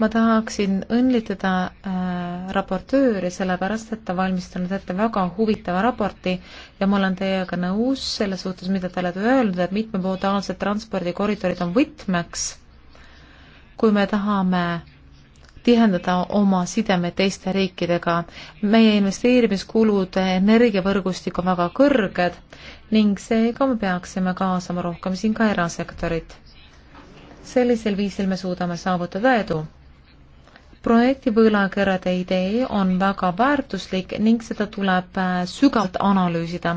ma tahaksin õnnitleda äh, raportööri, sellepärast et ta valmistanud ette väga huvitava raporti ja ma olen teiega nõus selles suhtes, mida te olete öelnud, et mitmepodaalsed transpordikoridorid on võtmeks, kui me tahame tihendada oma sideme teiste riikidega. meie investeerimiskulud energiavõrgustik on väga kõrged ning seega me peaksime kaasama rohkem siin ka erasektorit. sellisel viisil me suudame saavutada edu. projekti võlakirjade idee on väga väärtuslik ning seda tuleb äh, sügavalt analüüsida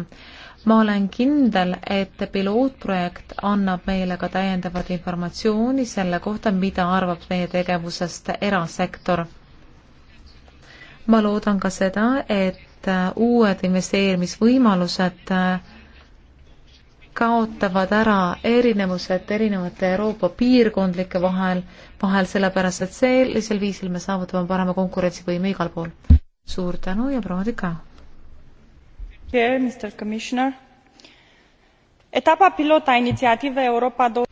ma olen kindel, et pilootprojekt annab meile ka täiendavat informatsiooni selle kohta, mida arvab meie tegevusest erasektor. ma loodan ka seda, et uued investeerimisvõimalused kaotavad ära erinevused erinevate Euroopa piirkondlike vahel, vahel sellepärast, et sellisel viisil me saavutame parema konkurentsivõime igal pool. suur tänu ja proovige ka! etapa pilot a inițiativei europa două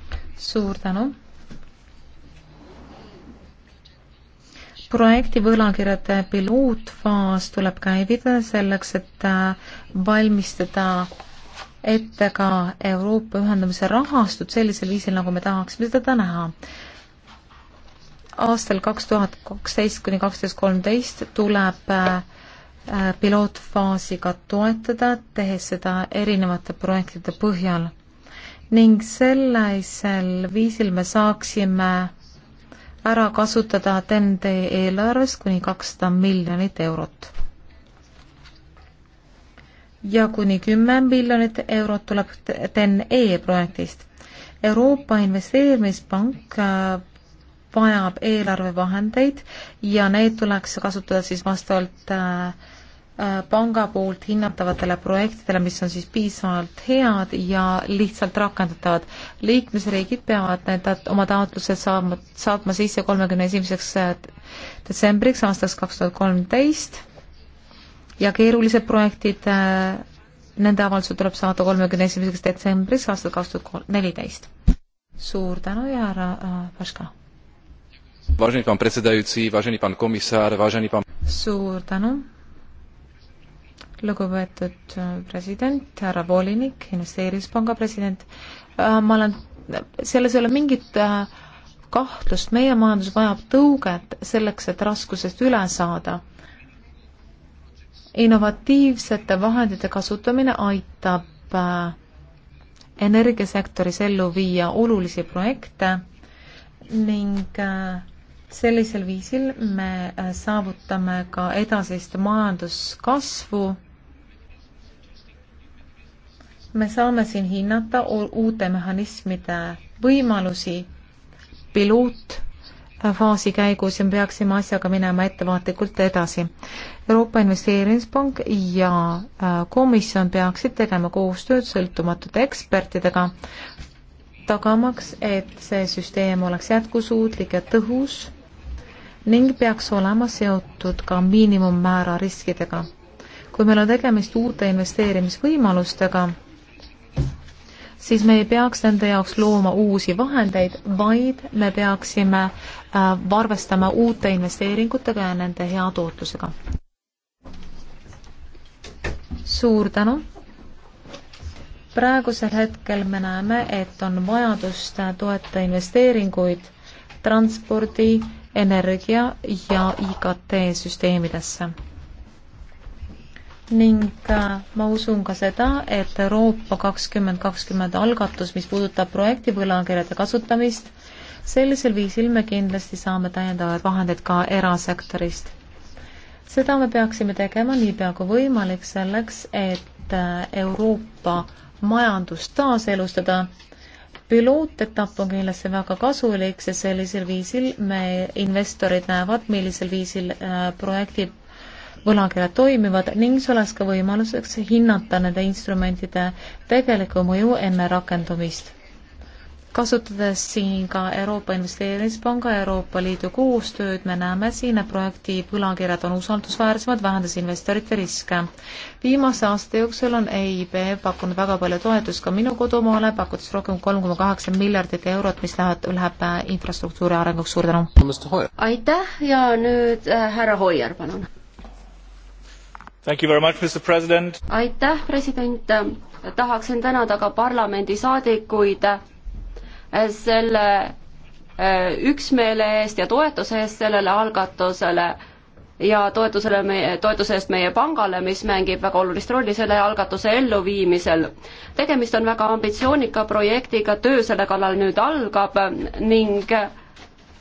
projekti võlakirjade pilootfaas tuleb käivitada selleks, et äh, valmistada ette ka Euroopa ühendamise rahastut sellisel viisil, nagu me tahaksime seda näha aastal kaks tuhat kaksteist kuni kaksteist kolmteist tuleb äh, Äh, pilootfaasi ka toetada, tehes seda erinevate projektide põhjal. ning sellisel viisil me saaksime ära kasutada TEN-T eelarves kuni kakssada miljonit eurot. ja kuni kümme miljonit eurot tuleb TEN-E projektist. Euroopa Investeerimispank äh, vajab eelarvevahendeid ja need tuleks kasutada siis vastavalt äh, Äh, panga poolt hinnatavatele projektidele, mis on siis piisavalt head ja lihtsalt rakendatavad. liikmesriigid peavad need oma taotlused saama, saatma sisse kolmekümne esimeseks äh, detsembriks aastaks kaks tuhat kolmteist ja keerulised projektid, äh, nende avaldused tuleb saada kolmekümne esimeseks detsembriks aastal kaks tuhat neliteist. suur tänu ja härra Paška. Vážený pán predsedajúci, vážený pán komisár, vážený pán... Suur tänu lugupeetud äh, president, härra volinik, investeerimispanga president, äh, ma olen, selles ei ole mingit äh, kahtlust, meie majandus vajab tõuget selleks, et raskusest üle saada. innovatiivsete vahendite kasutamine aitab energiasektoris ellu viia olulisi projekte ning sellisel viisil me saavutame ka edasist majanduskasvu me saame siin hinnata uute mehhanismide võimalusi pilootfaasi käigus ja me peaksime asjaga minema ettevaatlikult edasi. Euroopa Investeerimispank ja äh, komisjon peaksid tegema koostööd sõltumatute ekspertidega, tagamaks, et see süsteem oleks jätkusuutlik ja tõhus ning peaks olema seotud ka miinimummäära riskidega. kui meil on tegemist uute investeerimisvõimalustega, siis me ei peaks nende jaoks looma uusi vahendeid, vaid me peaksime äh, arvestama uute investeeringutega ja nende hea tootlusega. suur tänu! praegusel hetkel me näeme, et on vajadust toeta investeeringuid transpordi, energia ja IKT süsteemidesse ning ma usun ka seda, et Euroopa kakskümmend kakskümmend algatus, mis puudutab projekti võlakirjade kasutamist, sellisel viisil me kindlasti saame täiendavaid vahendeid ka erasektorist. seda me peaksime tegema niipea kui võimalik selleks, et äh, Euroopa majandust taaselustada. pilootetapp on kindlasti väga kasulik, sest sellisel viisil me, investorid näevad, millisel viisil äh, projektid võlakirjad toimivad ning see oleks ka võimaluseks hinnata nende instrumentide tegelikku mõju enne rakendumist. kasutades siin ka Euroopa Investeerimispanga ja Euroopa Liidu koostööd, me näeme siin, et projekti võlakirjad on usaldusväärsemad, vähendas investorite riske. viimase aasta jooksul on EIB pakkunud väga palju toetust ka minu kodumaale, pakudes rohkem kui kolm koma kaheksa miljardit eurot, mis läheb, läheb infrastruktuuri arenguks, suur tänu! aitäh ja nüüd äh, härra Hoiar, palun! President. aitäh, president. tahaksin tänada ka parlamendisaadikuid eh, selle eh, üksmeele eest ja toetuse eest sellele algatusele ja toetusele meie, toetuse eest meie pangale, mis mängib väga olulist rolli selle algatuse elluviimisel. tegemist on väga ambitsioonika projektiga, töö selle kallal nüüd algab ning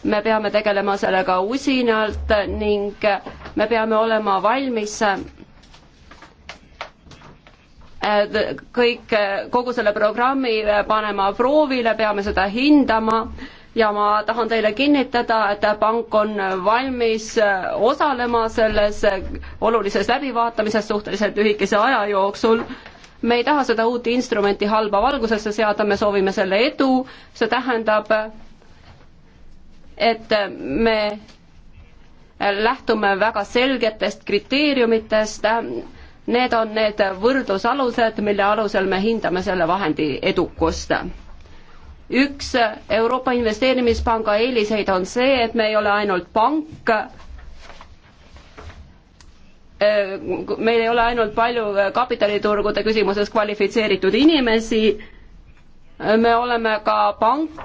me peame tegelema sellega usinalt ning me peame olema valmis Äh, kõik, äh, kogu selle programmi äh, panema proovile, peame seda hindama ja ma tahan teile kinnitada, et pank on valmis osalema selles olulises läbivaatamises suhteliselt lühikese aja jooksul. me ei taha seda uut instrumenti halba valgusesse seada, me soovime selle edu, see tähendab, et me lähtume väga selgetest kriteeriumitest Need on need võrdlusalused, mille alusel me hindame selle vahendi edukust. üks Euroopa Investeerimispanga eeliseid on see, et me ei ole ainult pank, äh, meil ei ole ainult palju kapitaliturgude küsimuses kvalifitseeritud inimesi, me oleme ka pank,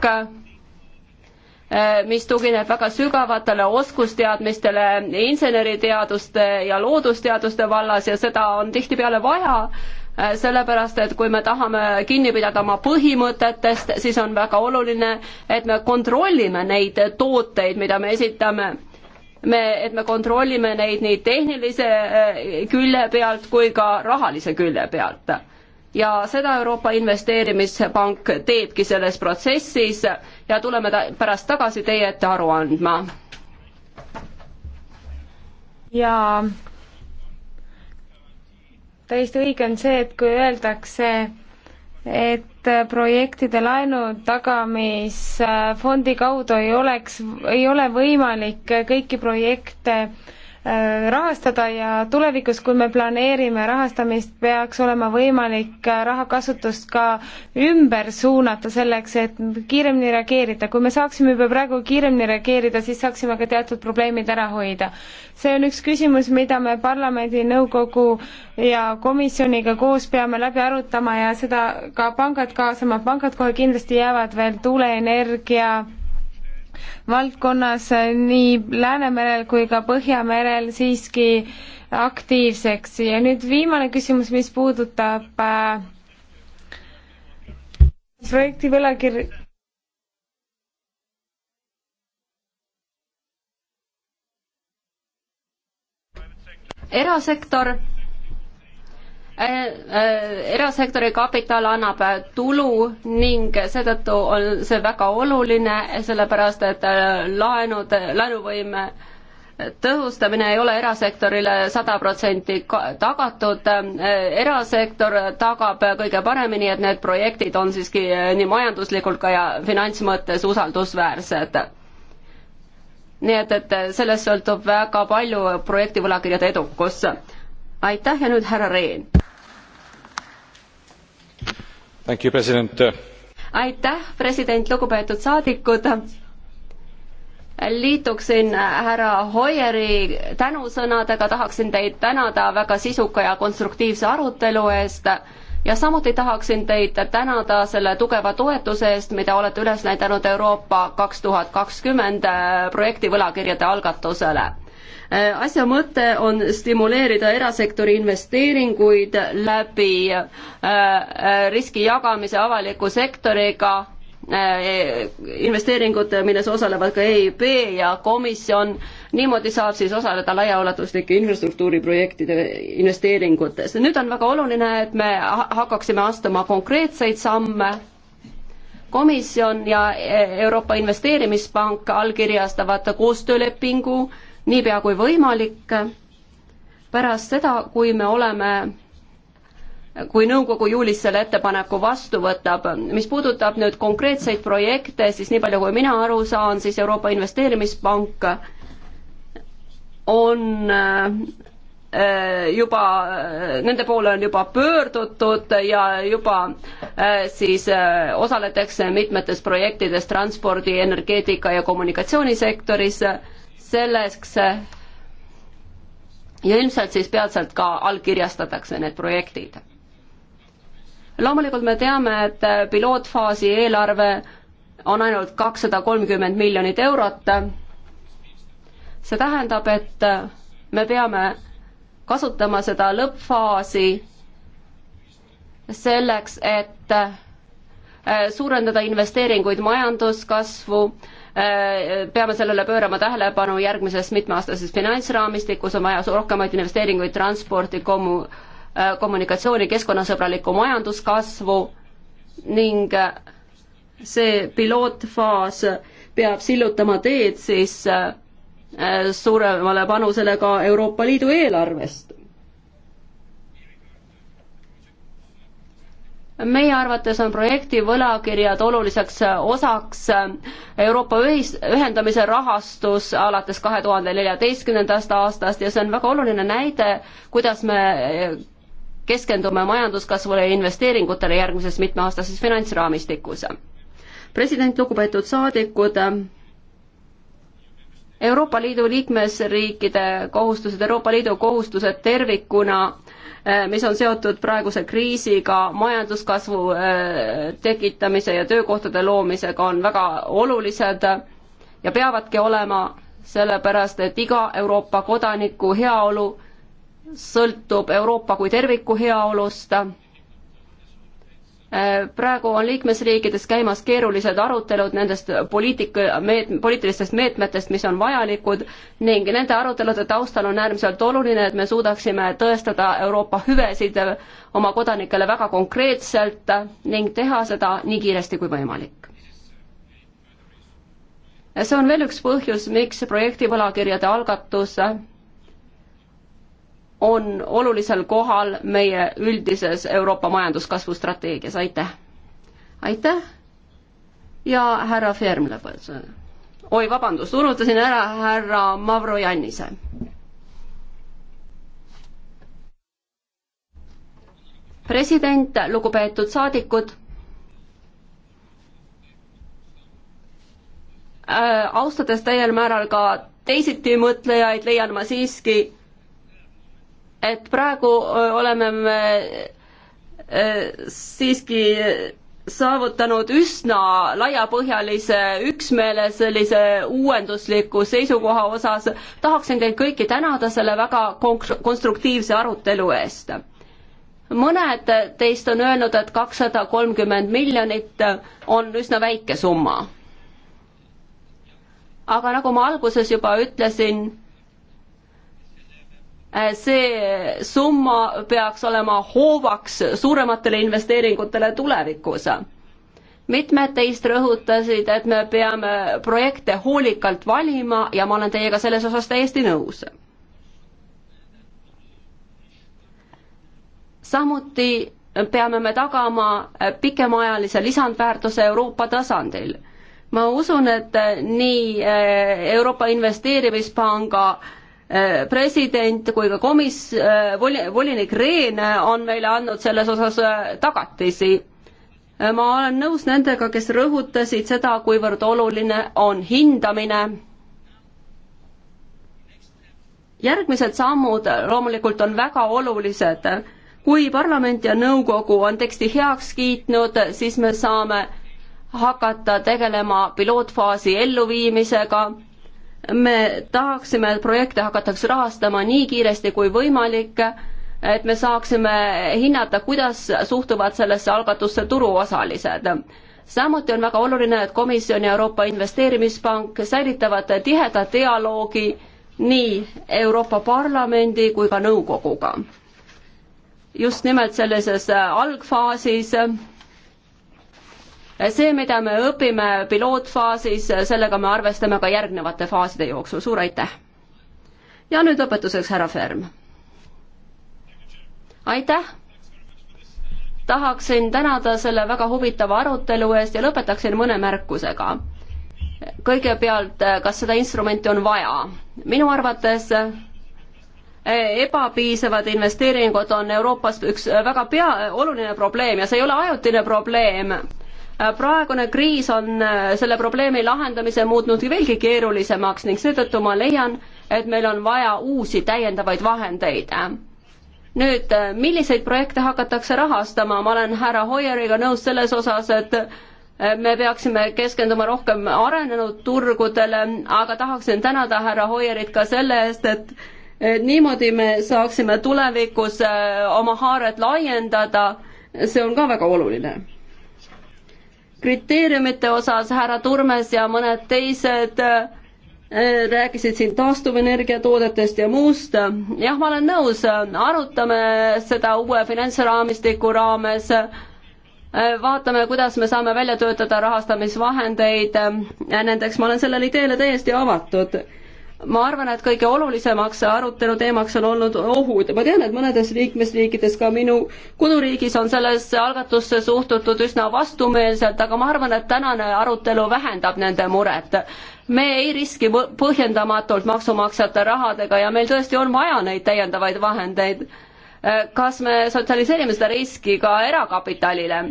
Äh, mis tugineb väga sügavatele oskusteadmistele inseneriteaduste ja loodusteaduste vallas ja seda on tihtipeale vaja, äh, sellepärast et kui me tahame kinni pidada oma põhimõtetest, siis on väga oluline, et me kontrollime neid tooteid, mida me esitame. me, et me kontrollime neid nii tehnilise äh, külje pealt kui ka rahalise külje pealt ja seda Euroopa Investeerimispank teebki selles protsessis ja tuleme ta pärast tagasi teie ette aru andma. ja täiesti õige on see, et kui öeldakse, et projektide laenu tagamisfondi kaudu ei oleks, ei ole võimalik kõiki projekte äh, Äh, rahastada ja tulevikus, kui me planeerime rahastamist, peaks olema võimalik äh, rahakasutust ka ümber suunata selleks, et kiiremini reageerida. kui me saaksime juba praegu kiiremini reageerida, siis saaksime ka teatud probleemid ära hoida. see on üks küsimus, mida me parlamendi, nõukogu ja komisjoniga koos peame läbi arutama ja seda ka pangad kaasama. pangad kohe kindlasti jäävad veel tuuleenergia valdkonnas eh, nii Läänemerel kui ka Põhjamerel siiski aktiivseks ja nüüd viimane küsimus, mis puudutab äh, projekti võlakirja erasektor Äh, äh, erasektori kapital annab äh, tulu ning seetõttu on see väga oluline, sellepärast et laenud, laenuvõime tõhustamine ei ole erasektorile sada protsenti tagatud, erasektor tagab kõige paremini, et need projektid on siiski nii majanduslikult ka ja finantsmõttes usaldusväärsed. nii et, et sellest sõltub väga palju projekti võlakirjade edukus. aitäh ja nüüd härra Rehn aitäh, president, lugupeetud saadikud liituksin härra Hoieri tänusõnadega, tahaksin teid tänada väga sisuka ja konstruktiivse arutelu eest ja samuti tahaksin teid tänada selle tugeva toetuse eest, mida olete üles näidanud Euroopa kaks tuhat kakskümmend projekti võlakirjade algatusele Äh, asja mõte on stimuleerida erasektori investeeringuid läbi äh, äh, riski jagamise avaliku sektoriga investeeringud, milles osalevad ka EIB ja komisjon. niimoodi saab siis osaleda laiaulatuslike infrastruktuuriprojektide investeeringutes. nüüd on väga oluline, et me hakkaksime astuma konkreetseid samme. komisjon ja Euroopa Investeerimispank allkirjastavad koostöölepingu niipea kui võimalik. pärast seda, kui me oleme kui nõukogu juulis selle ettepaneku vastu võtab. mis puudutab nüüd konkreetseid projekte, siis nii palju, kui mina aru saan, siis Euroopa Investeerimispank on äh, juba, nende poole on juba pöördutud ja juba äh, siis äh, osaletakse mitmetes projektides transpordi, energeetika ja kommunikatsioonisektoris selleks ja ilmselt siis peatselt ka allkirjastatakse need projektid. loomulikult me teame, et pilootfaasi eelarve on ainult kakssada kolmkümmend miljonit eurot. see tähendab, et me peame kasutama seda lõppfaasi selleks, et suurendada investeeringuid majanduskasvu äh,, Äh, peame sellele pöörama tähelepanu järgmises mitmeaastases finantsraamistikus, on vaja rohkemaid investeeringuid transporti, kommu-, äh, kommunikatsiooni, keskkonnasõbralikku majanduskasvu ning äh, see pilootfaas peab sillutama teed siis suuremale panusele ka Euroopa Liidu eelarvest. meie arvates on projekti võlakirjad oluliseks osaks Euroopa ühis, ühendamise rahastus alates kahe tuhande neljateistkümnendast aastast ja see on väga oluline näide, kuidas me keskendume majanduskasvule ja investeeringutele järgmises mitmeaastases finantsraamistikus. president, lugupeetud saadikud, Euroopa Liidu liikmesriikide kohustused, Euroopa Liidu kohustused tervikuna Äh, mis on seotud praeguse kriisiga, majanduskasvu äh, tekitamise ja töökohtade loomisega, on väga olulised ja peavadki olema, sellepärast et iga Euroopa kodaniku heaolu sõltub Euroopa kui terviku heaolust praegu on liikmesriikides käimas keerulised arutelud nendest poliitik-, meet-, poliitilistest meetmetest, mis on vajalikud ning nende arutelude taustal on äärmiselt oluline, et me suudaksime tõestada Euroopa hüvesid oma kodanikele väga konkreetselt ning teha seda nii kiiresti kui võimalik. see on veel üks põhjus, miks projekti võlakirjade algatus on olulisel kohal meie üldises Euroopa majanduskasvu strateegias, aitäh! aitäh ja härra Ferm lõpetusena. oi, vabandust, unustasin ära härra Mavro Jannise. president, lugupeetud saadikud äh,, austades täiel määral ka teisitimõtlejaid, leian ma siiski, et praegu oleme me siiski saavutanud üsna laiapõhjalise üksmeele sellise uuendusliku seisukoha osas. tahaksin teid kõiki tänada selle väga konstruktiivse arutelu eest. mõned teist on öelnud, et kakssada kolmkümmend miljonit on üsna väike summa. aga nagu ma alguses juba ütlesin Äh, see summa peaks olema hoovaks suurematele investeeringutele tulevikus. mitmed teist rõhutasid, et me peame projekte hoolikalt valima ja ma olen teiega selles osas täiesti nõus. samuti peame me tagama pikemaajalise lisandväärtuse Euroopa tasandil ma usun, et nii äh, Euroopa Investeerimispanga äh, Eh, president kui ka komis-, eh, voli-, volinik Rehn on meile andnud selles osas eh, tagatisi. ma olen nõus nendega, kes rõhutasid seda, kuivõrd oluline on hindamine. järgmised sammud loomulikult on väga olulised. kui parlament ja nõukogu on teksti heaks kiitnud, siis me saame hakata tegelema pilootfaasi elluviimisega me tahaksime, et projekte hakatakse rahastama nii kiiresti kui võimalik, et me saaksime hinnata, kuidas suhtuvad sellesse algatusse turuosalised. samuti on väga oluline, et Komisjon ja Euroopa Investeerimispank säilitavad tiheda dialoogi nii Euroopa Parlamendi kui ka nõukoguga. just nimelt sellises algfaasis see, mida me õpime pilootfaasis, sellega me arvestame ka järgnevate faaside jooksul, suur aitäh! ja nüüd lõpetuseks härra Ferm. aitäh! tahaksin tänada selle väga huvitava arutelu eest ja lõpetaksin mõne märkusega. kõigepealt, kas seda instrumenti on vaja? minu arvates eh, ebapiisavad investeeringud on Euroopas üks väga pea, oluline probleem ja see ei ole ajutine probleem Äh, praegune kriis on äh, selle probleemi lahendamise muutnud veelgi keerulisemaks ning seetõttu ma leian, et meil on vaja uusi täiendavaid vahendeid. nüüd, äh, milliseid projekte hakatakse rahastama, ma olen härra Hoieriga nõus selles osas, et me peaksime keskenduma rohkem arenenud turgudele, aga tahaksin tänada härra Hoierit ka selle eest, et niimoodi me saaksime tulevikus oma haaret laiendada, see on ka väga oluline kriteeriumite osas härra Turmes ja mõned teised äh, rääkisid siin taastuvenergia toodetest ja muust. jah, ma olen nõus, arutame seda uue finantsraamistiku raames, äh, vaatame, kuidas me saame välja töötada rahastamisvahendeid, äh, nendeks ma olen sellele ideele täiesti avatud ma arvan, et kõige olulisemaks arutelu teemaks on olnud ohud. ma tean, et mõnedes liikmesriikides, ka minu koduriigis on sellesse algatusse suhtutud üsna vastumeelselt, aga ma arvan, et tänane arutelu vähendab nende muret. me ei riski põhjendamatult maksumaksjate rahadega ja meil tõesti on vaja neid täiendavaid vahendeid. kas me sotsialiseerime seda riski ka erakapitalile?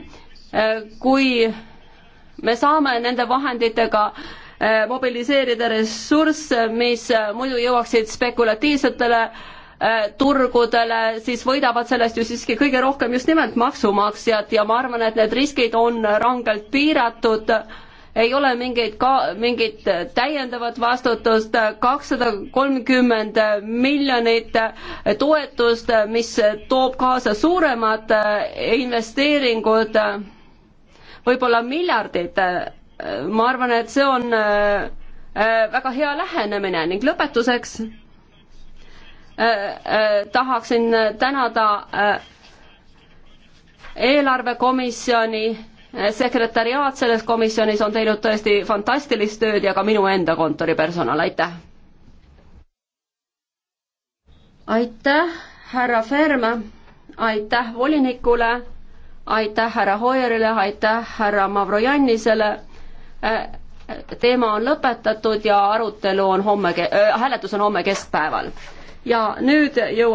kui me saame nende vahenditega Äh, mobiliseerida ressursse, mis äh, muidu jõuaksid spekulatiivsetele äh, turgudele, siis võidavad sellest ju siiski kõige rohkem just nimelt maksumaksjad ja ma arvan, et need riskid on rangelt piiratud. ei ole mingeid ka, mingit täiendavat vastutust, kakssada kolmkümmend miljonit toetust, mis toob kaasa suuremad investeeringud, võib-olla miljardid Äh, ma arvan, et see on äh, äh, väga hea lähenemine ning lõpetuseks tahaksin tänada eelarvekomisjoni sekretäriaat selles komisjonis on teinud tõesti fantastilist tööd ja ka minu enda kontoripersonal, aitäh! aitäh, härra Ferm, aitäh volinikule, aitäh härra Hoierile, aitäh härra Mavrojannisele teema on lõpetatud ja arutelu on homme, äh, hääletus on homme keskpäeval. ja nüüd jõuame